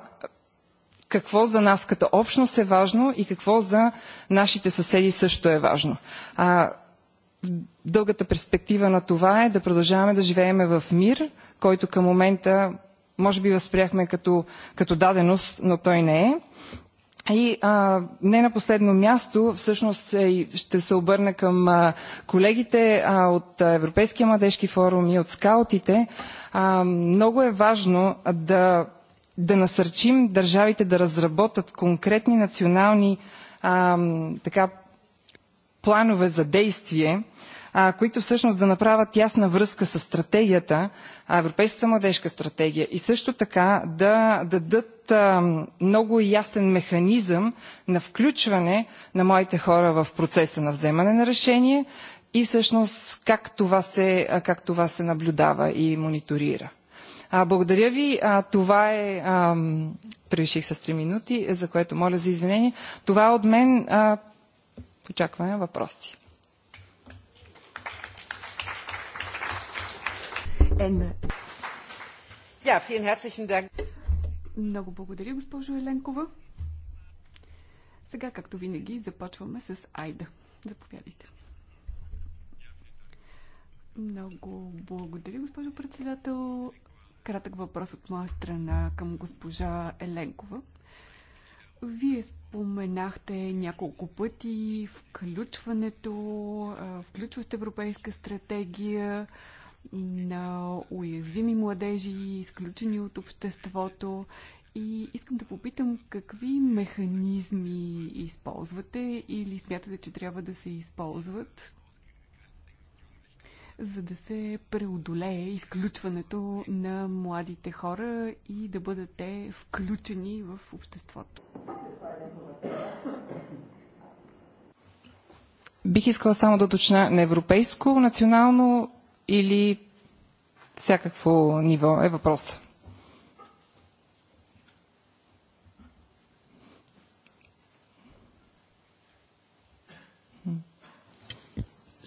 какво за нас като общност е важно и какво за нашите съседи също е важно. А, дългата перспектива на това е да продължаваме да живеем в мир, който към момента може би възприяхме като, като даденост, но той не е. И а, не на последно място, всъщност е ще се обърна към а, колегите а, от Европейския младежки форум и от скаутите. А, много е важно да, да насърчим държавите да разработат конкретни национални а, така, планове за действие, които всъщност да направят ясна връзка с стратегията, Европейската младежка стратегия и също така да дадат много ясен механизъм на включване на моите хора в процеса на вземане на решение и всъщност как това се, как това се наблюдава и мониторира. А, благодаря ви. А, това е. А, превиших с 3 минути, за което моля за извинение. Това е от мен. А, Очакваме въпроси. Много благодаря, госпожо Еленкова. Сега, както винаги, започваме с Айда. Заповядайте. Много благодаря, госпожо председател. Кратък въпрос от моя страна към госпожа Еленкова. Вие Споменахте няколко пъти включването, включваща европейска стратегия на уязвими младежи, изключени от обществото. И искам да попитам какви механизми използвате или смятате, че трябва да се използват за да се преодолее изключването на младите хора и да бъдат те включени в обществото. Бих искала само да уточня на европейско, национално или всякакво ниво е въпросът.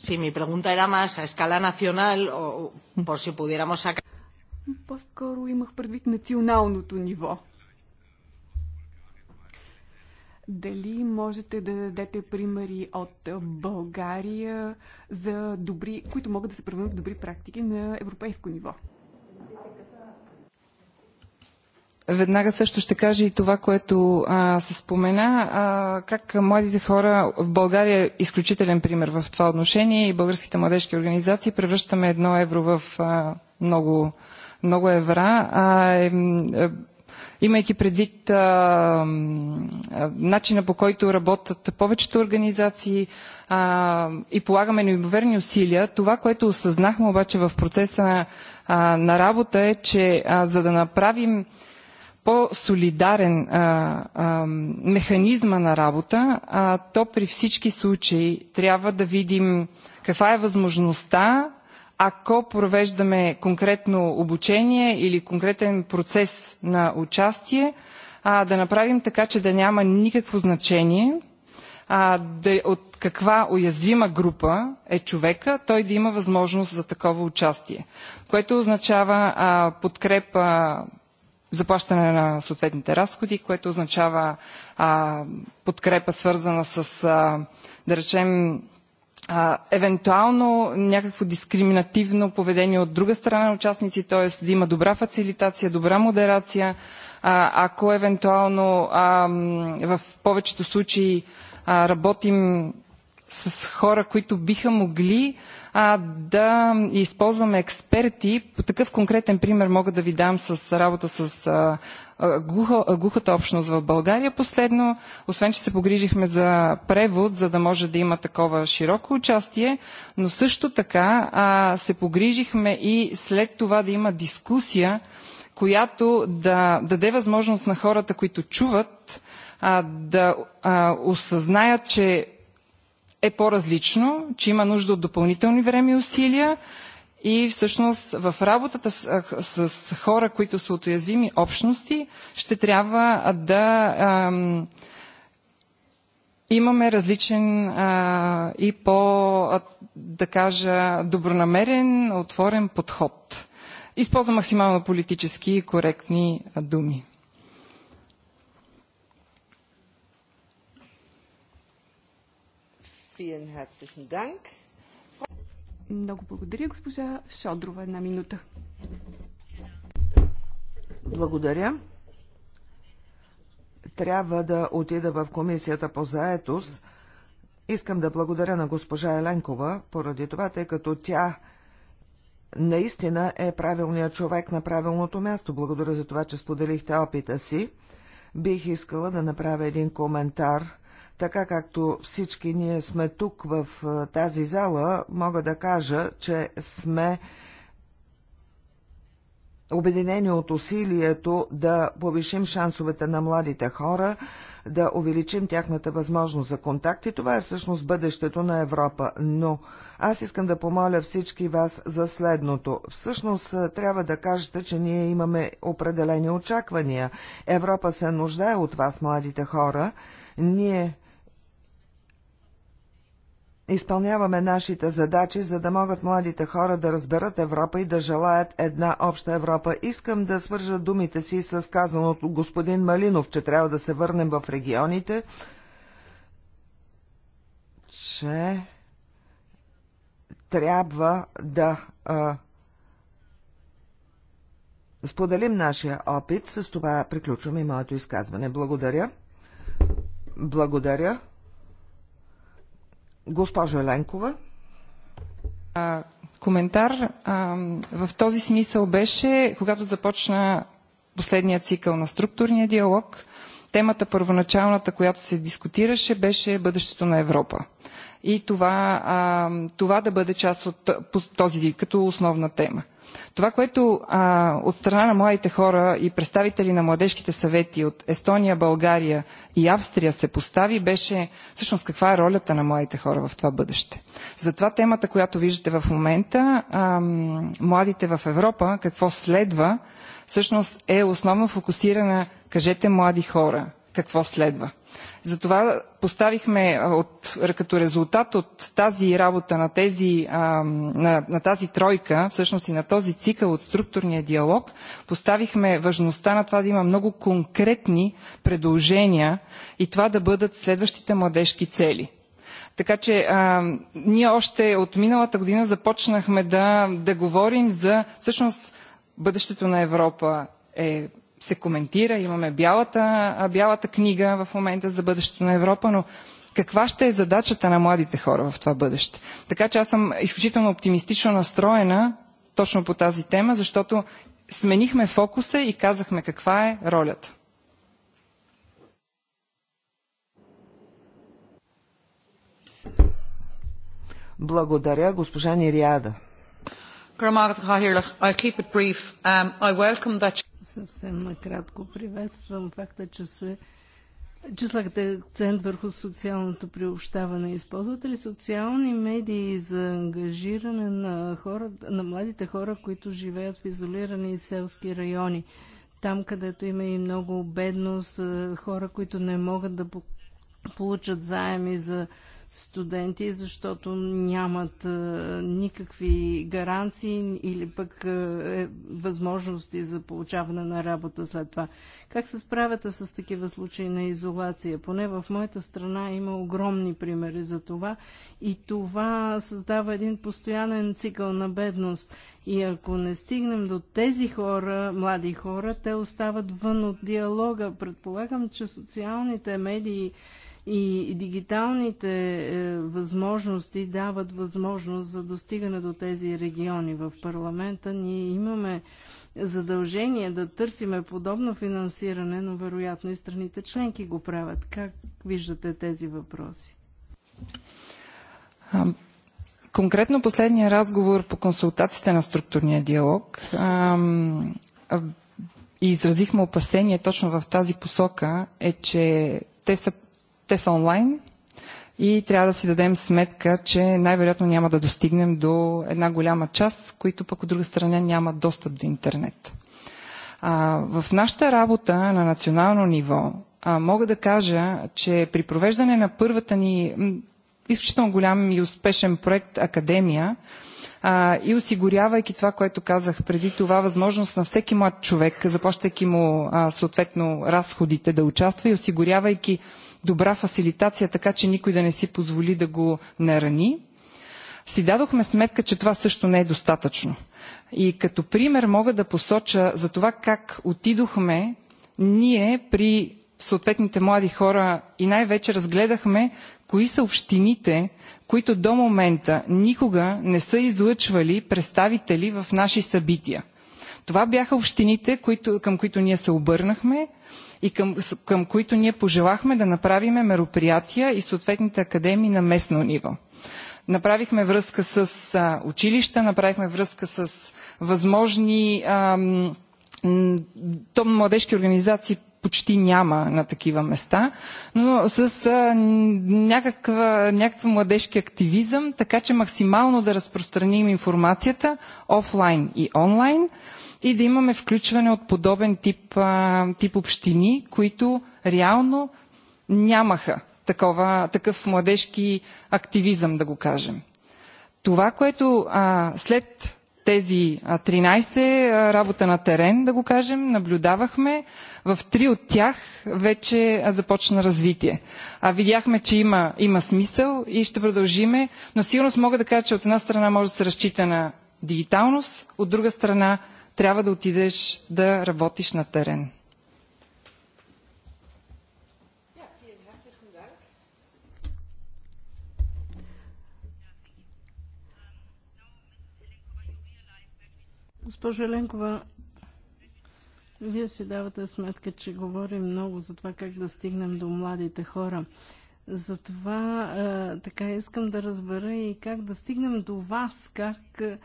Sí, mi pregunta era más a escala nacional, o por si pudiéramos sacar... По-скоро имах предвид националното ниво. Дали можете да дадете примери от България за добри, които могат да се превърнат в добри практики на европейско ниво? Веднага също ще кажа и това, което а, се спомена, а, как младите хора в България е изключителен пример в това отношение и българските младежки организации превръщаме едно евро в а, много, много евра. А, е, е, имайки предвид а, а, начина по който работят повечето организации а, и полагаме неимоверни усилия, това, което осъзнахме обаче в процеса на, а, на работа е, че а, за да направим а, по-солидарен механизма на работа, а, то при всички случаи трябва да видим каква е възможността, ако провеждаме конкретно обучение или конкретен процес на участие, а, да направим така, че да няма никакво значение а, да, от каква уязвима група е човека, той да има възможност за такова участие. Което означава а, подкрепа заплащане на съответните разходи, което означава а, подкрепа свързана с, а, да речем, а, евентуално някакво дискриминативно поведение от друга страна на участници, т.е. да има добра фацилитация, добра модерация, а, ако евентуално а, в повечето случаи а, работим с хора, които биха могли а, да използваме експерти. По такъв конкретен пример мога да ви дам с работа с а, глуха, глухата общност в България. Последно, освен, че се погрижихме за превод, за да може да има такова широко участие, но също така а, се погрижихме и след това да има дискусия, която да даде възможност на хората, които чуват, а, да а, осъзнаят, че е по-различно, че има нужда от допълнителни време и усилия и всъщност в работата с, с хора, които са от уязвими общности, ще трябва да ам, имаме различен а, и по, а, да кажа, добронамерен, отворен подход. Използвам максимално политически и коректни думи. Много благодаря, госпожа Шодрова. Една минута. Благодаря. Трябва да отида в комисията по заетост. Искам да благодаря на госпожа Еленкова, поради това, тъй като тя наистина е правилният човек на правилното място. Благодаря за това, че споделихте опита си. Бих искала да направя един коментар – така както всички ние сме тук в тази зала, мога да кажа, че сме обединени от усилието да повишим шансовете на младите хора, да увеличим тяхната възможност за контакт и това е всъщност бъдещето на Европа. Но аз искам да помоля всички вас за следното. Всъщност трябва да кажете, че ние имаме определени очаквания. Европа се нуждае от вас, младите хора. Ние изпълняваме нашите задачи, за да могат младите хора да разберат Европа и да желаят една обща Европа. Искам да свържа думите си с казаното господин Малинов, че трябва да се върнем в регионите, че трябва да а, споделим нашия опит. С това приключвам и моето изказване. Благодаря. Благодаря. Госпожа Ленкова. А, коментар а, в този смисъл беше, когато започна последния цикъл на структурния диалог, темата първоначалната, която се дискутираше, беше бъдещето на Европа. И това, а, това да бъде част от този като основна тема. Това, което а, от страна на младите хора и представители на младежките съвети от Естония, България и Австрия се постави, беше всъщност каква е ролята на младите хора в това бъдеще. Затова темата, която виждате в момента, а, младите в Европа, какво следва, всъщност е основно фокусирана, кажете млади хора, какво следва. Затова поставихме от, като резултат от тази работа на, тези, на, на тази тройка, всъщност и на този цикъл от структурния диалог, поставихме важността на това да има много конкретни предложения и това да бъдат следващите младежки цели. Така че а, ние още от миналата година започнахме да, да говорим за всъщност бъдещето на Европа е се коментира, имаме бялата, бялата книга в момента за бъдещето на Европа, но каква ще е задачата на младите хора в това бъдеще. Така че аз съм изключително оптимистично настроена точно по тази тема, защото сменихме фокуса и казахме каква е ролята. Благодаря, госпожа Нириада. I'll keep it brief. Um, I welcome that съвсем накратко приветствам факта, че се че слагате акцент върху социалното приобщаване. Използвате ли социални медии за ангажиране на, хора, на младите хора, които живеят в изолирани селски райони? Там, където има и много бедност, е, хора, които не могат да получат заеми за студенти, защото нямат никакви гаранции или пък е, възможности за получаване на работа след това. Как се справяте с такива случаи на изолация? Поне в моята страна има огромни примери за това и това създава един постоянен цикъл на бедност. И ако не стигнем до тези хора, млади хора, те остават вън от диалога. Предполагам, че социалните медии и дигиталните е, възможности дават възможност за достигане до тези региони. В парламента ние имаме задължение да търсиме подобно финансиране, но вероятно и страните членки го правят. Как виждате тези въпроси? Конкретно последния разговор по консултациите на структурния диалог и изразихме опасение точно в тази посока е, че те са те са онлайн и трябва да си дадем сметка, че най-вероятно няма да достигнем до една голяма част, които пък от друга страна нямат достъп до интернет. А, в нашата работа на национално ниво а, мога да кажа, че при провеждане на първата ни изключително голям и успешен проект Академия, а, и осигурявайки това, което казах преди това, възможност на всеки млад човек, заплащайки му а, съответно разходите да участва и осигурявайки добра фасилитация, така че никой да не си позволи да го нарани, си дадохме сметка, че това също не е достатъчно. И като пример мога да посоча за това как отидохме ние при съответните млади хора и най-вече разгледахме кои са общините, които до момента никога не са излъчвали представители в наши събития. Това бяха общините, които, към които ние се обърнахме и към, към които ние пожелахме да направиме мероприятия и съответните академии на местно ниво. Направихме връзка с а, училища, направихме връзка с възможни. А, то младежки организации почти няма на такива места, но с а, някаква, някакъв младежки активизъм, така че максимално да разпространим информацията офлайн и онлайн, и да имаме включване от подобен тип, а, тип общини, които реално нямаха такова, такъв младежки активизъм, да го кажем. Това, което а, след тези 13 работа на терен, да го кажем, наблюдавахме. В три от тях вече започна развитие. А видяхме, че има, има смисъл и ще продължиме, но сигурност мога да кажа, че от една страна може да се разчита на дигиталност, от друга страна трябва да отидеш да работиш на терен. Госпожо Еленкова, вие си давате сметка, че говорим много за това как да стигнем до младите хора. Затова е, така искам да разбера и как да стигнем до вас, как е,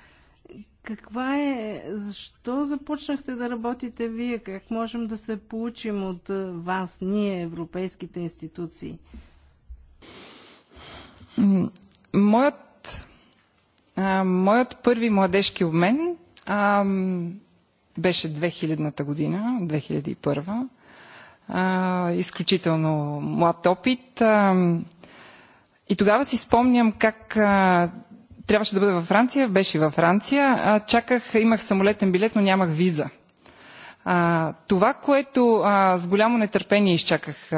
каква е, защо започнахте да работите вие? Как можем да се получим от е, вас, ние, европейските институции? Моят, а, моят първи младежки обмен а, беше 2000-та година, 2001 а, изключително млад опит. А, и тогава си спомням как а, трябваше да бъда във Франция, беше във Франция. А, чаках, имах самолетен билет, но нямах виза. А, това, което а, с голямо нетърпение изчаках а,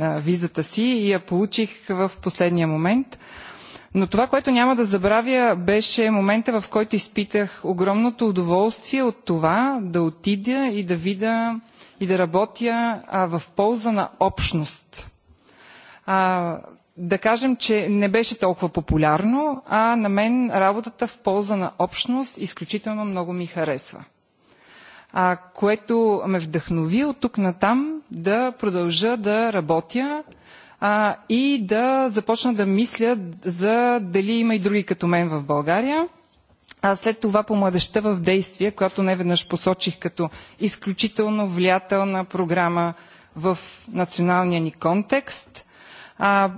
а, визата си и я получих в последния момент. Но това, което няма да забравя, беше момента, в който изпитах огромното удоволствие от това да отидя и да видя и да работя а, в полза на общност. А, да кажем, че не беше толкова популярно, а на мен работата в полза на общност изключително много ми харесва. А, което ме вдъхнови от тук на там да продължа да работя а, и да започна да мисля за дали има и други като мен в България. А след това по младеща в действие, която не веднъж посочих като изключително влиятелна програма в националния ни контекст – а,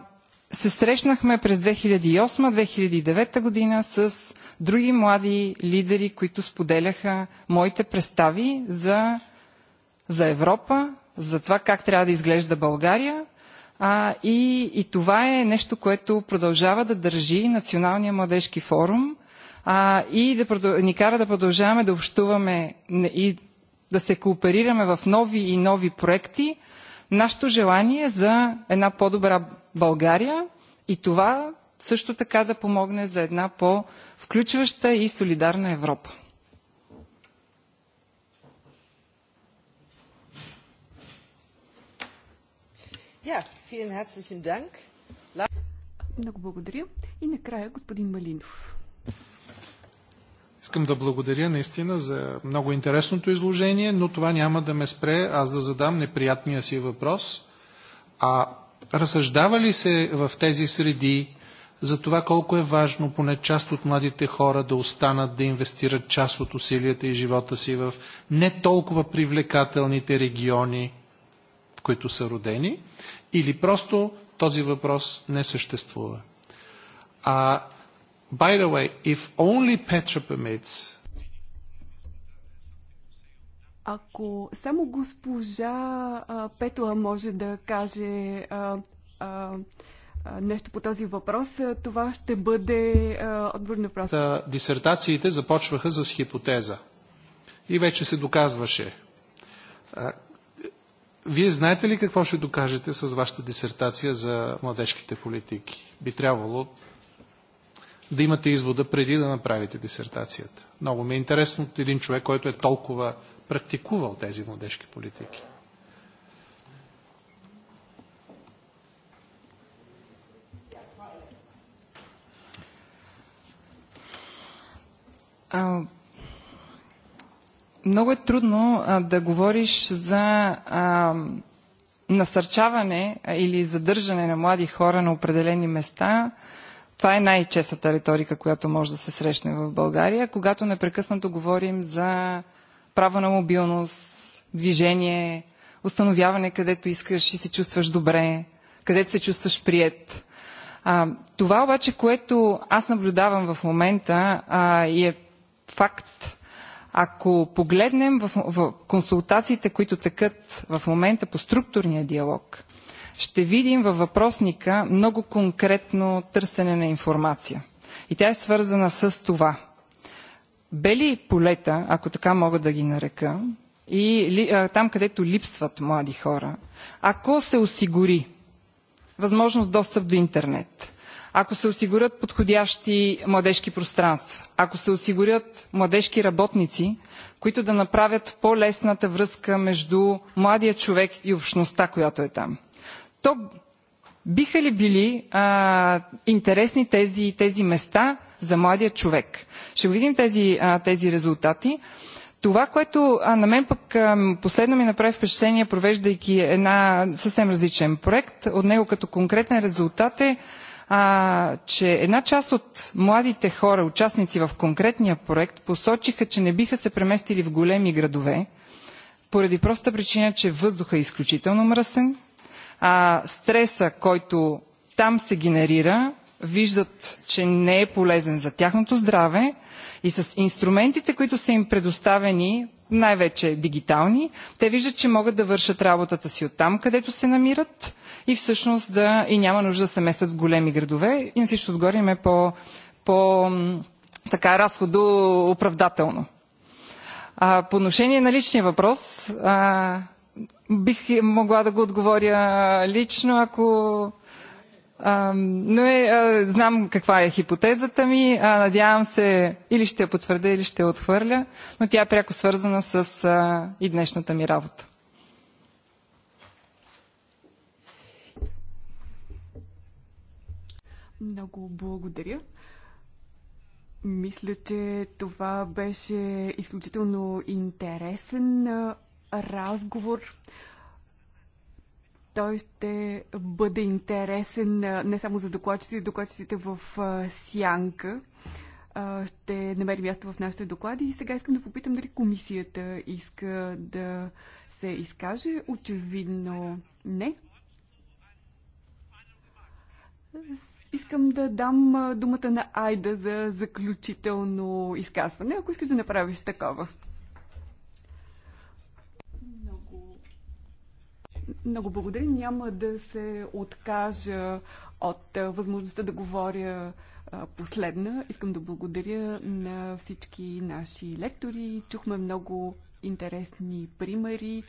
се срещнахме през 2008-2009 година с други млади лидери, които споделяха моите представи за, за Европа, за това как трябва да изглежда България. А, и, и това е нещо, което продължава да държи Националния младежки форум а, и да продъл... ни кара да продължаваме да общуваме и да се кооперираме в нови и нови проекти. Нашето желание за една по-добра България и това също така да помогне за една по-включваща и солидарна Европа. Ja, vielen herzlichen Dank. Много благодаря. И накрая господин Малинов. Искам да благодаря наистина за много интересното изложение, но това няма да ме спре аз да задам неприятния си въпрос. А Разсъждава ли се в тези среди за това колко е важно поне част от младите хора да останат да инвестират част от усилията и живота си в не толкова привлекателните региони, в които са родени, или просто този въпрос не съществува. Uh, by the way, if only Petra permits, ако само госпожа а, Петла може да каже а, а, нещо по този въпрос, това ще бъде а, отбор на въпрос. Дисертациите започваха с хипотеза. И вече се доказваше. А, вие знаете ли какво ще докажете с вашата дисертация за младежките политики? Би трябвало да имате извода преди да направите дисертацията. Много ми е интересно от един човек, който е толкова практикувал тези младежки политики. А, много е трудно а, да говориш за а, насърчаване или задържане на млади хора на определени места. Това е най-честата риторика, която може да се срещне в България, когато непрекъснато говорим за права на мобилност, движение, установяване където искаш и се чувстваш добре, където се чувстваш прият. А, това обаче, което аз наблюдавам в момента а, и е факт, ако погледнем в, в консултациите, които тъкат в момента по структурния диалог, ще видим във въпросника много конкретно търсене на информация. И тя е свързана с това бели полета, ако така мога да ги нарека, и ли, а, там, където липсват млади хора, ако се осигури възможност достъп до интернет, ако се осигурят подходящи младежки пространства, ако се осигурят младежки работници, които да направят по-лесната връзка между младия човек и общността, която е там. То биха ли били а, интересни тези, тези места за младия човек. Ще го видим тези, а, тези резултати. Това, което а, на мен пък а, последно ми направи впечатление, провеждайки една съвсем различен проект, от него като конкретен резултат е, а, че една част от младите хора, участници в конкретния проект, посочиха, че не биха се преместили в големи градове, поради проста причина, че въздуха е изключително мръсен, а стреса, който там се генерира, виждат, че не е полезен за тяхното здраве и с инструментите, които са им предоставени, най-вече дигитални, те виждат, че могат да вършат работата си от там, където се намират и всъщност да и няма нужда да се местят в големи градове и на всичко отгоре им е по, по така оправдателно. А, по отношение на личния въпрос, а, бих могла да го отговоря лично, ако но е, а, знам каква е хипотезата ми. А, надявам се или ще я потвърда, или ще я отхвърля, но тя е пряко свързана с а, и днешната ми работа. Много благодаря. Мисля, че това беше изключително интересен разговор. Той ще бъде интересен не само за за докладчиците в Сянка. Ще намери място в нашите доклади и сега искам да попитам дали комисията иска да се изкаже. Очевидно не. Искам да дам думата на Айда за заключително изказване, ако искаш да направиш такова. Много благодаря. Няма да се откажа от възможността да говоря последна. Искам да благодаря на всички наши лектори. Чухме много интересни примери.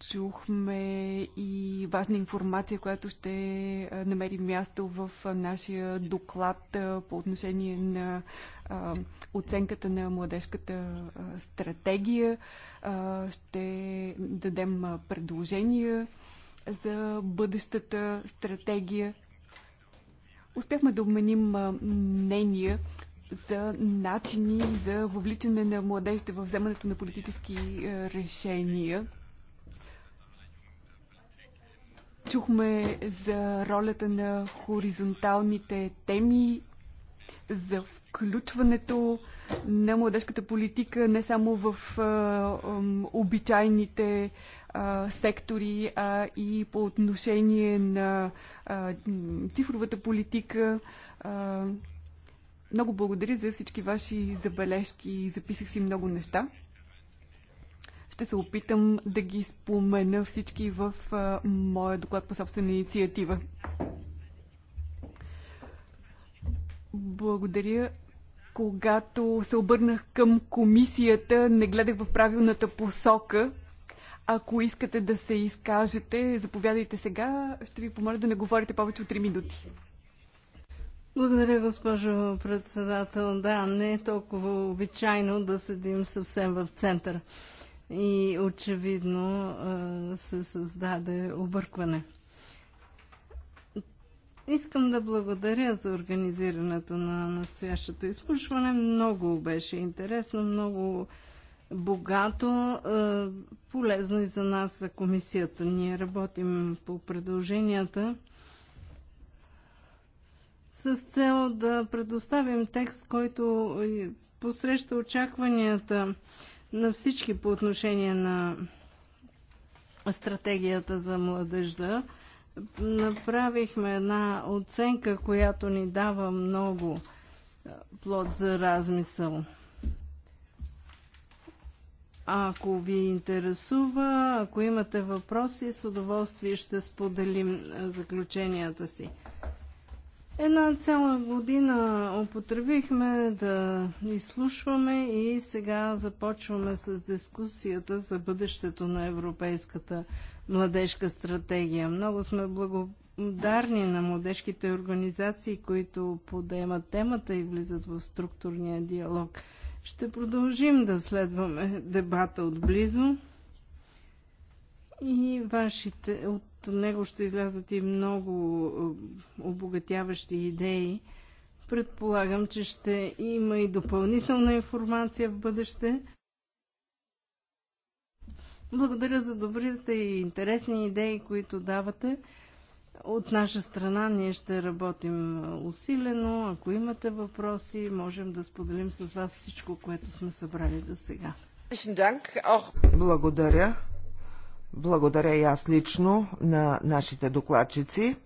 Чухме и важна информация, която ще намери място в нашия доклад по отношение на а, оценката на младежката а, стратегия. А, ще дадем а, предложения за бъдещата стратегия. Успяхме да обменим а, мнения за начини за въвличане на младежите в вземането на политически а, решения чухме за ролята на хоризонталните теми за включването на младежката политика не само в обичайните сектори, а и по отношение на цифровата политика. Много благодаря за всички ваши забележки. Записах си много неща. Ще се опитам да ги спомена всички в моя доклад по собствена инициатива. Благодаря. Когато се обърнах към комисията, не гледах в правилната посока. Ако искате да се изкажете, заповядайте сега. Ще ви помоля да не говорите повече от 3 минути. Благодаря, госпожо председател. Да, не е толкова обичайно да седим съвсем в центъра. И очевидно се създаде объркване. Искам да благодаря за организирането на настоящото изслушване. Много беше интересно, много богато, е, полезно и за нас, за комисията. Ние работим по предложенията с цел да предоставим текст, който посреща очакванията на всички по отношение на стратегията за младежда направихме една оценка, която ни дава много плод за размисъл. Ако ви интересува, ако имате въпроси, с удоволствие ще споделим заключенията си. Една цяла година употребихме да изслушваме и сега започваме с дискусията за бъдещето на Европейската младежка стратегия. Много сме благодарни на младежките организации, които подемат темата и влизат в структурния диалог. Ще продължим да следваме дебата отблизо и вашите, от него ще излязат и много е, обогатяващи идеи. Предполагам, че ще има и допълнителна информация в бъдеще. Благодаря за добрите и интересни идеи, които давате. От наша страна ние ще работим усилено. Ако имате въпроси, можем да споделим с вас всичко, което сме събрали до сега. Благодаря. Благодаря и аз лично на нашите докладчици.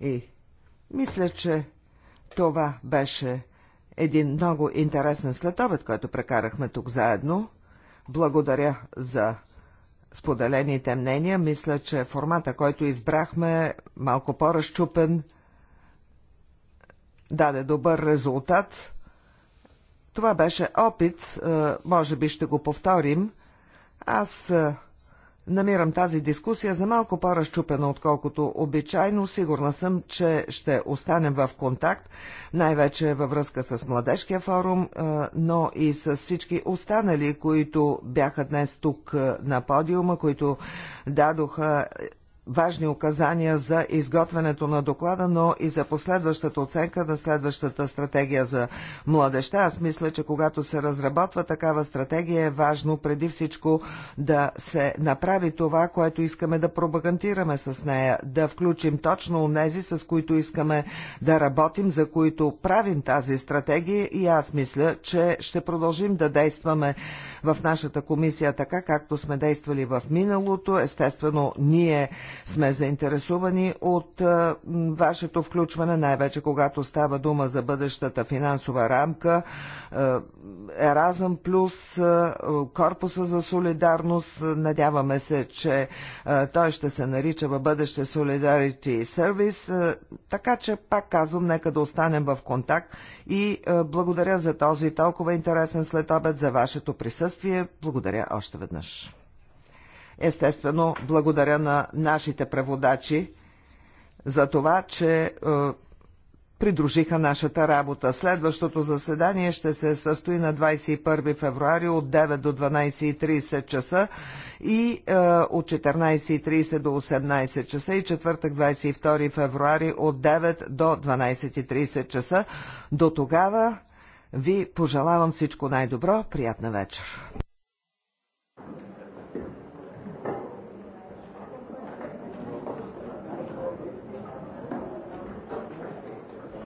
И мисля, че това беше един много интересен следобед, който прекарахме тук заедно. Благодаря за споделените мнения. Мисля, че формата, който избрахме, малко по-разчупен, даде добър резултат. Това беше опит, е, може би ще го повторим. Аз е, Намирам тази дискусия за малко по-разчупена, отколкото обичайно. Сигурна съм, че ще останем в контакт, най-вече във връзка с Младежкия форум, но и с всички останали, които бяха днес тук на подиума, които дадоха важни указания за изготвянето на доклада, но и за последващата оценка на следващата стратегия за младеща. Аз мисля, че когато се разработва такава стратегия е важно преди всичко да се направи това, което искаме да пропагандираме с нея, да включим точно онези, с които искаме да работим, за които правим тази стратегия и аз мисля, че ще продължим да действаме в нашата комисия, така както сме действали в миналото. Естествено, ние сме заинтересувани от вашето включване, най-вече когато става дума за бъдещата финансова рамка. Еразъм плюс Корпуса за солидарност. Надяваме се, че той ще се нарича във бъдеще Solidarity Service. Така че, пак казвам, нека да останем в контакт и благодаря за този толкова интересен след обед за вашето присъствие присъствие. Благодаря още веднъж. Естествено, благодаря на нашите преводачи за това, че е, придружиха нашата работа. Следващото заседание ще се състои на 21 февруари от 9 до 12.30 часа и е, от 14.30 до 18 часа и четвъртък 22 февруари от 9 до 12.30 часа. До тогава ви пожелавам всичко най-добро. Приятна вечер!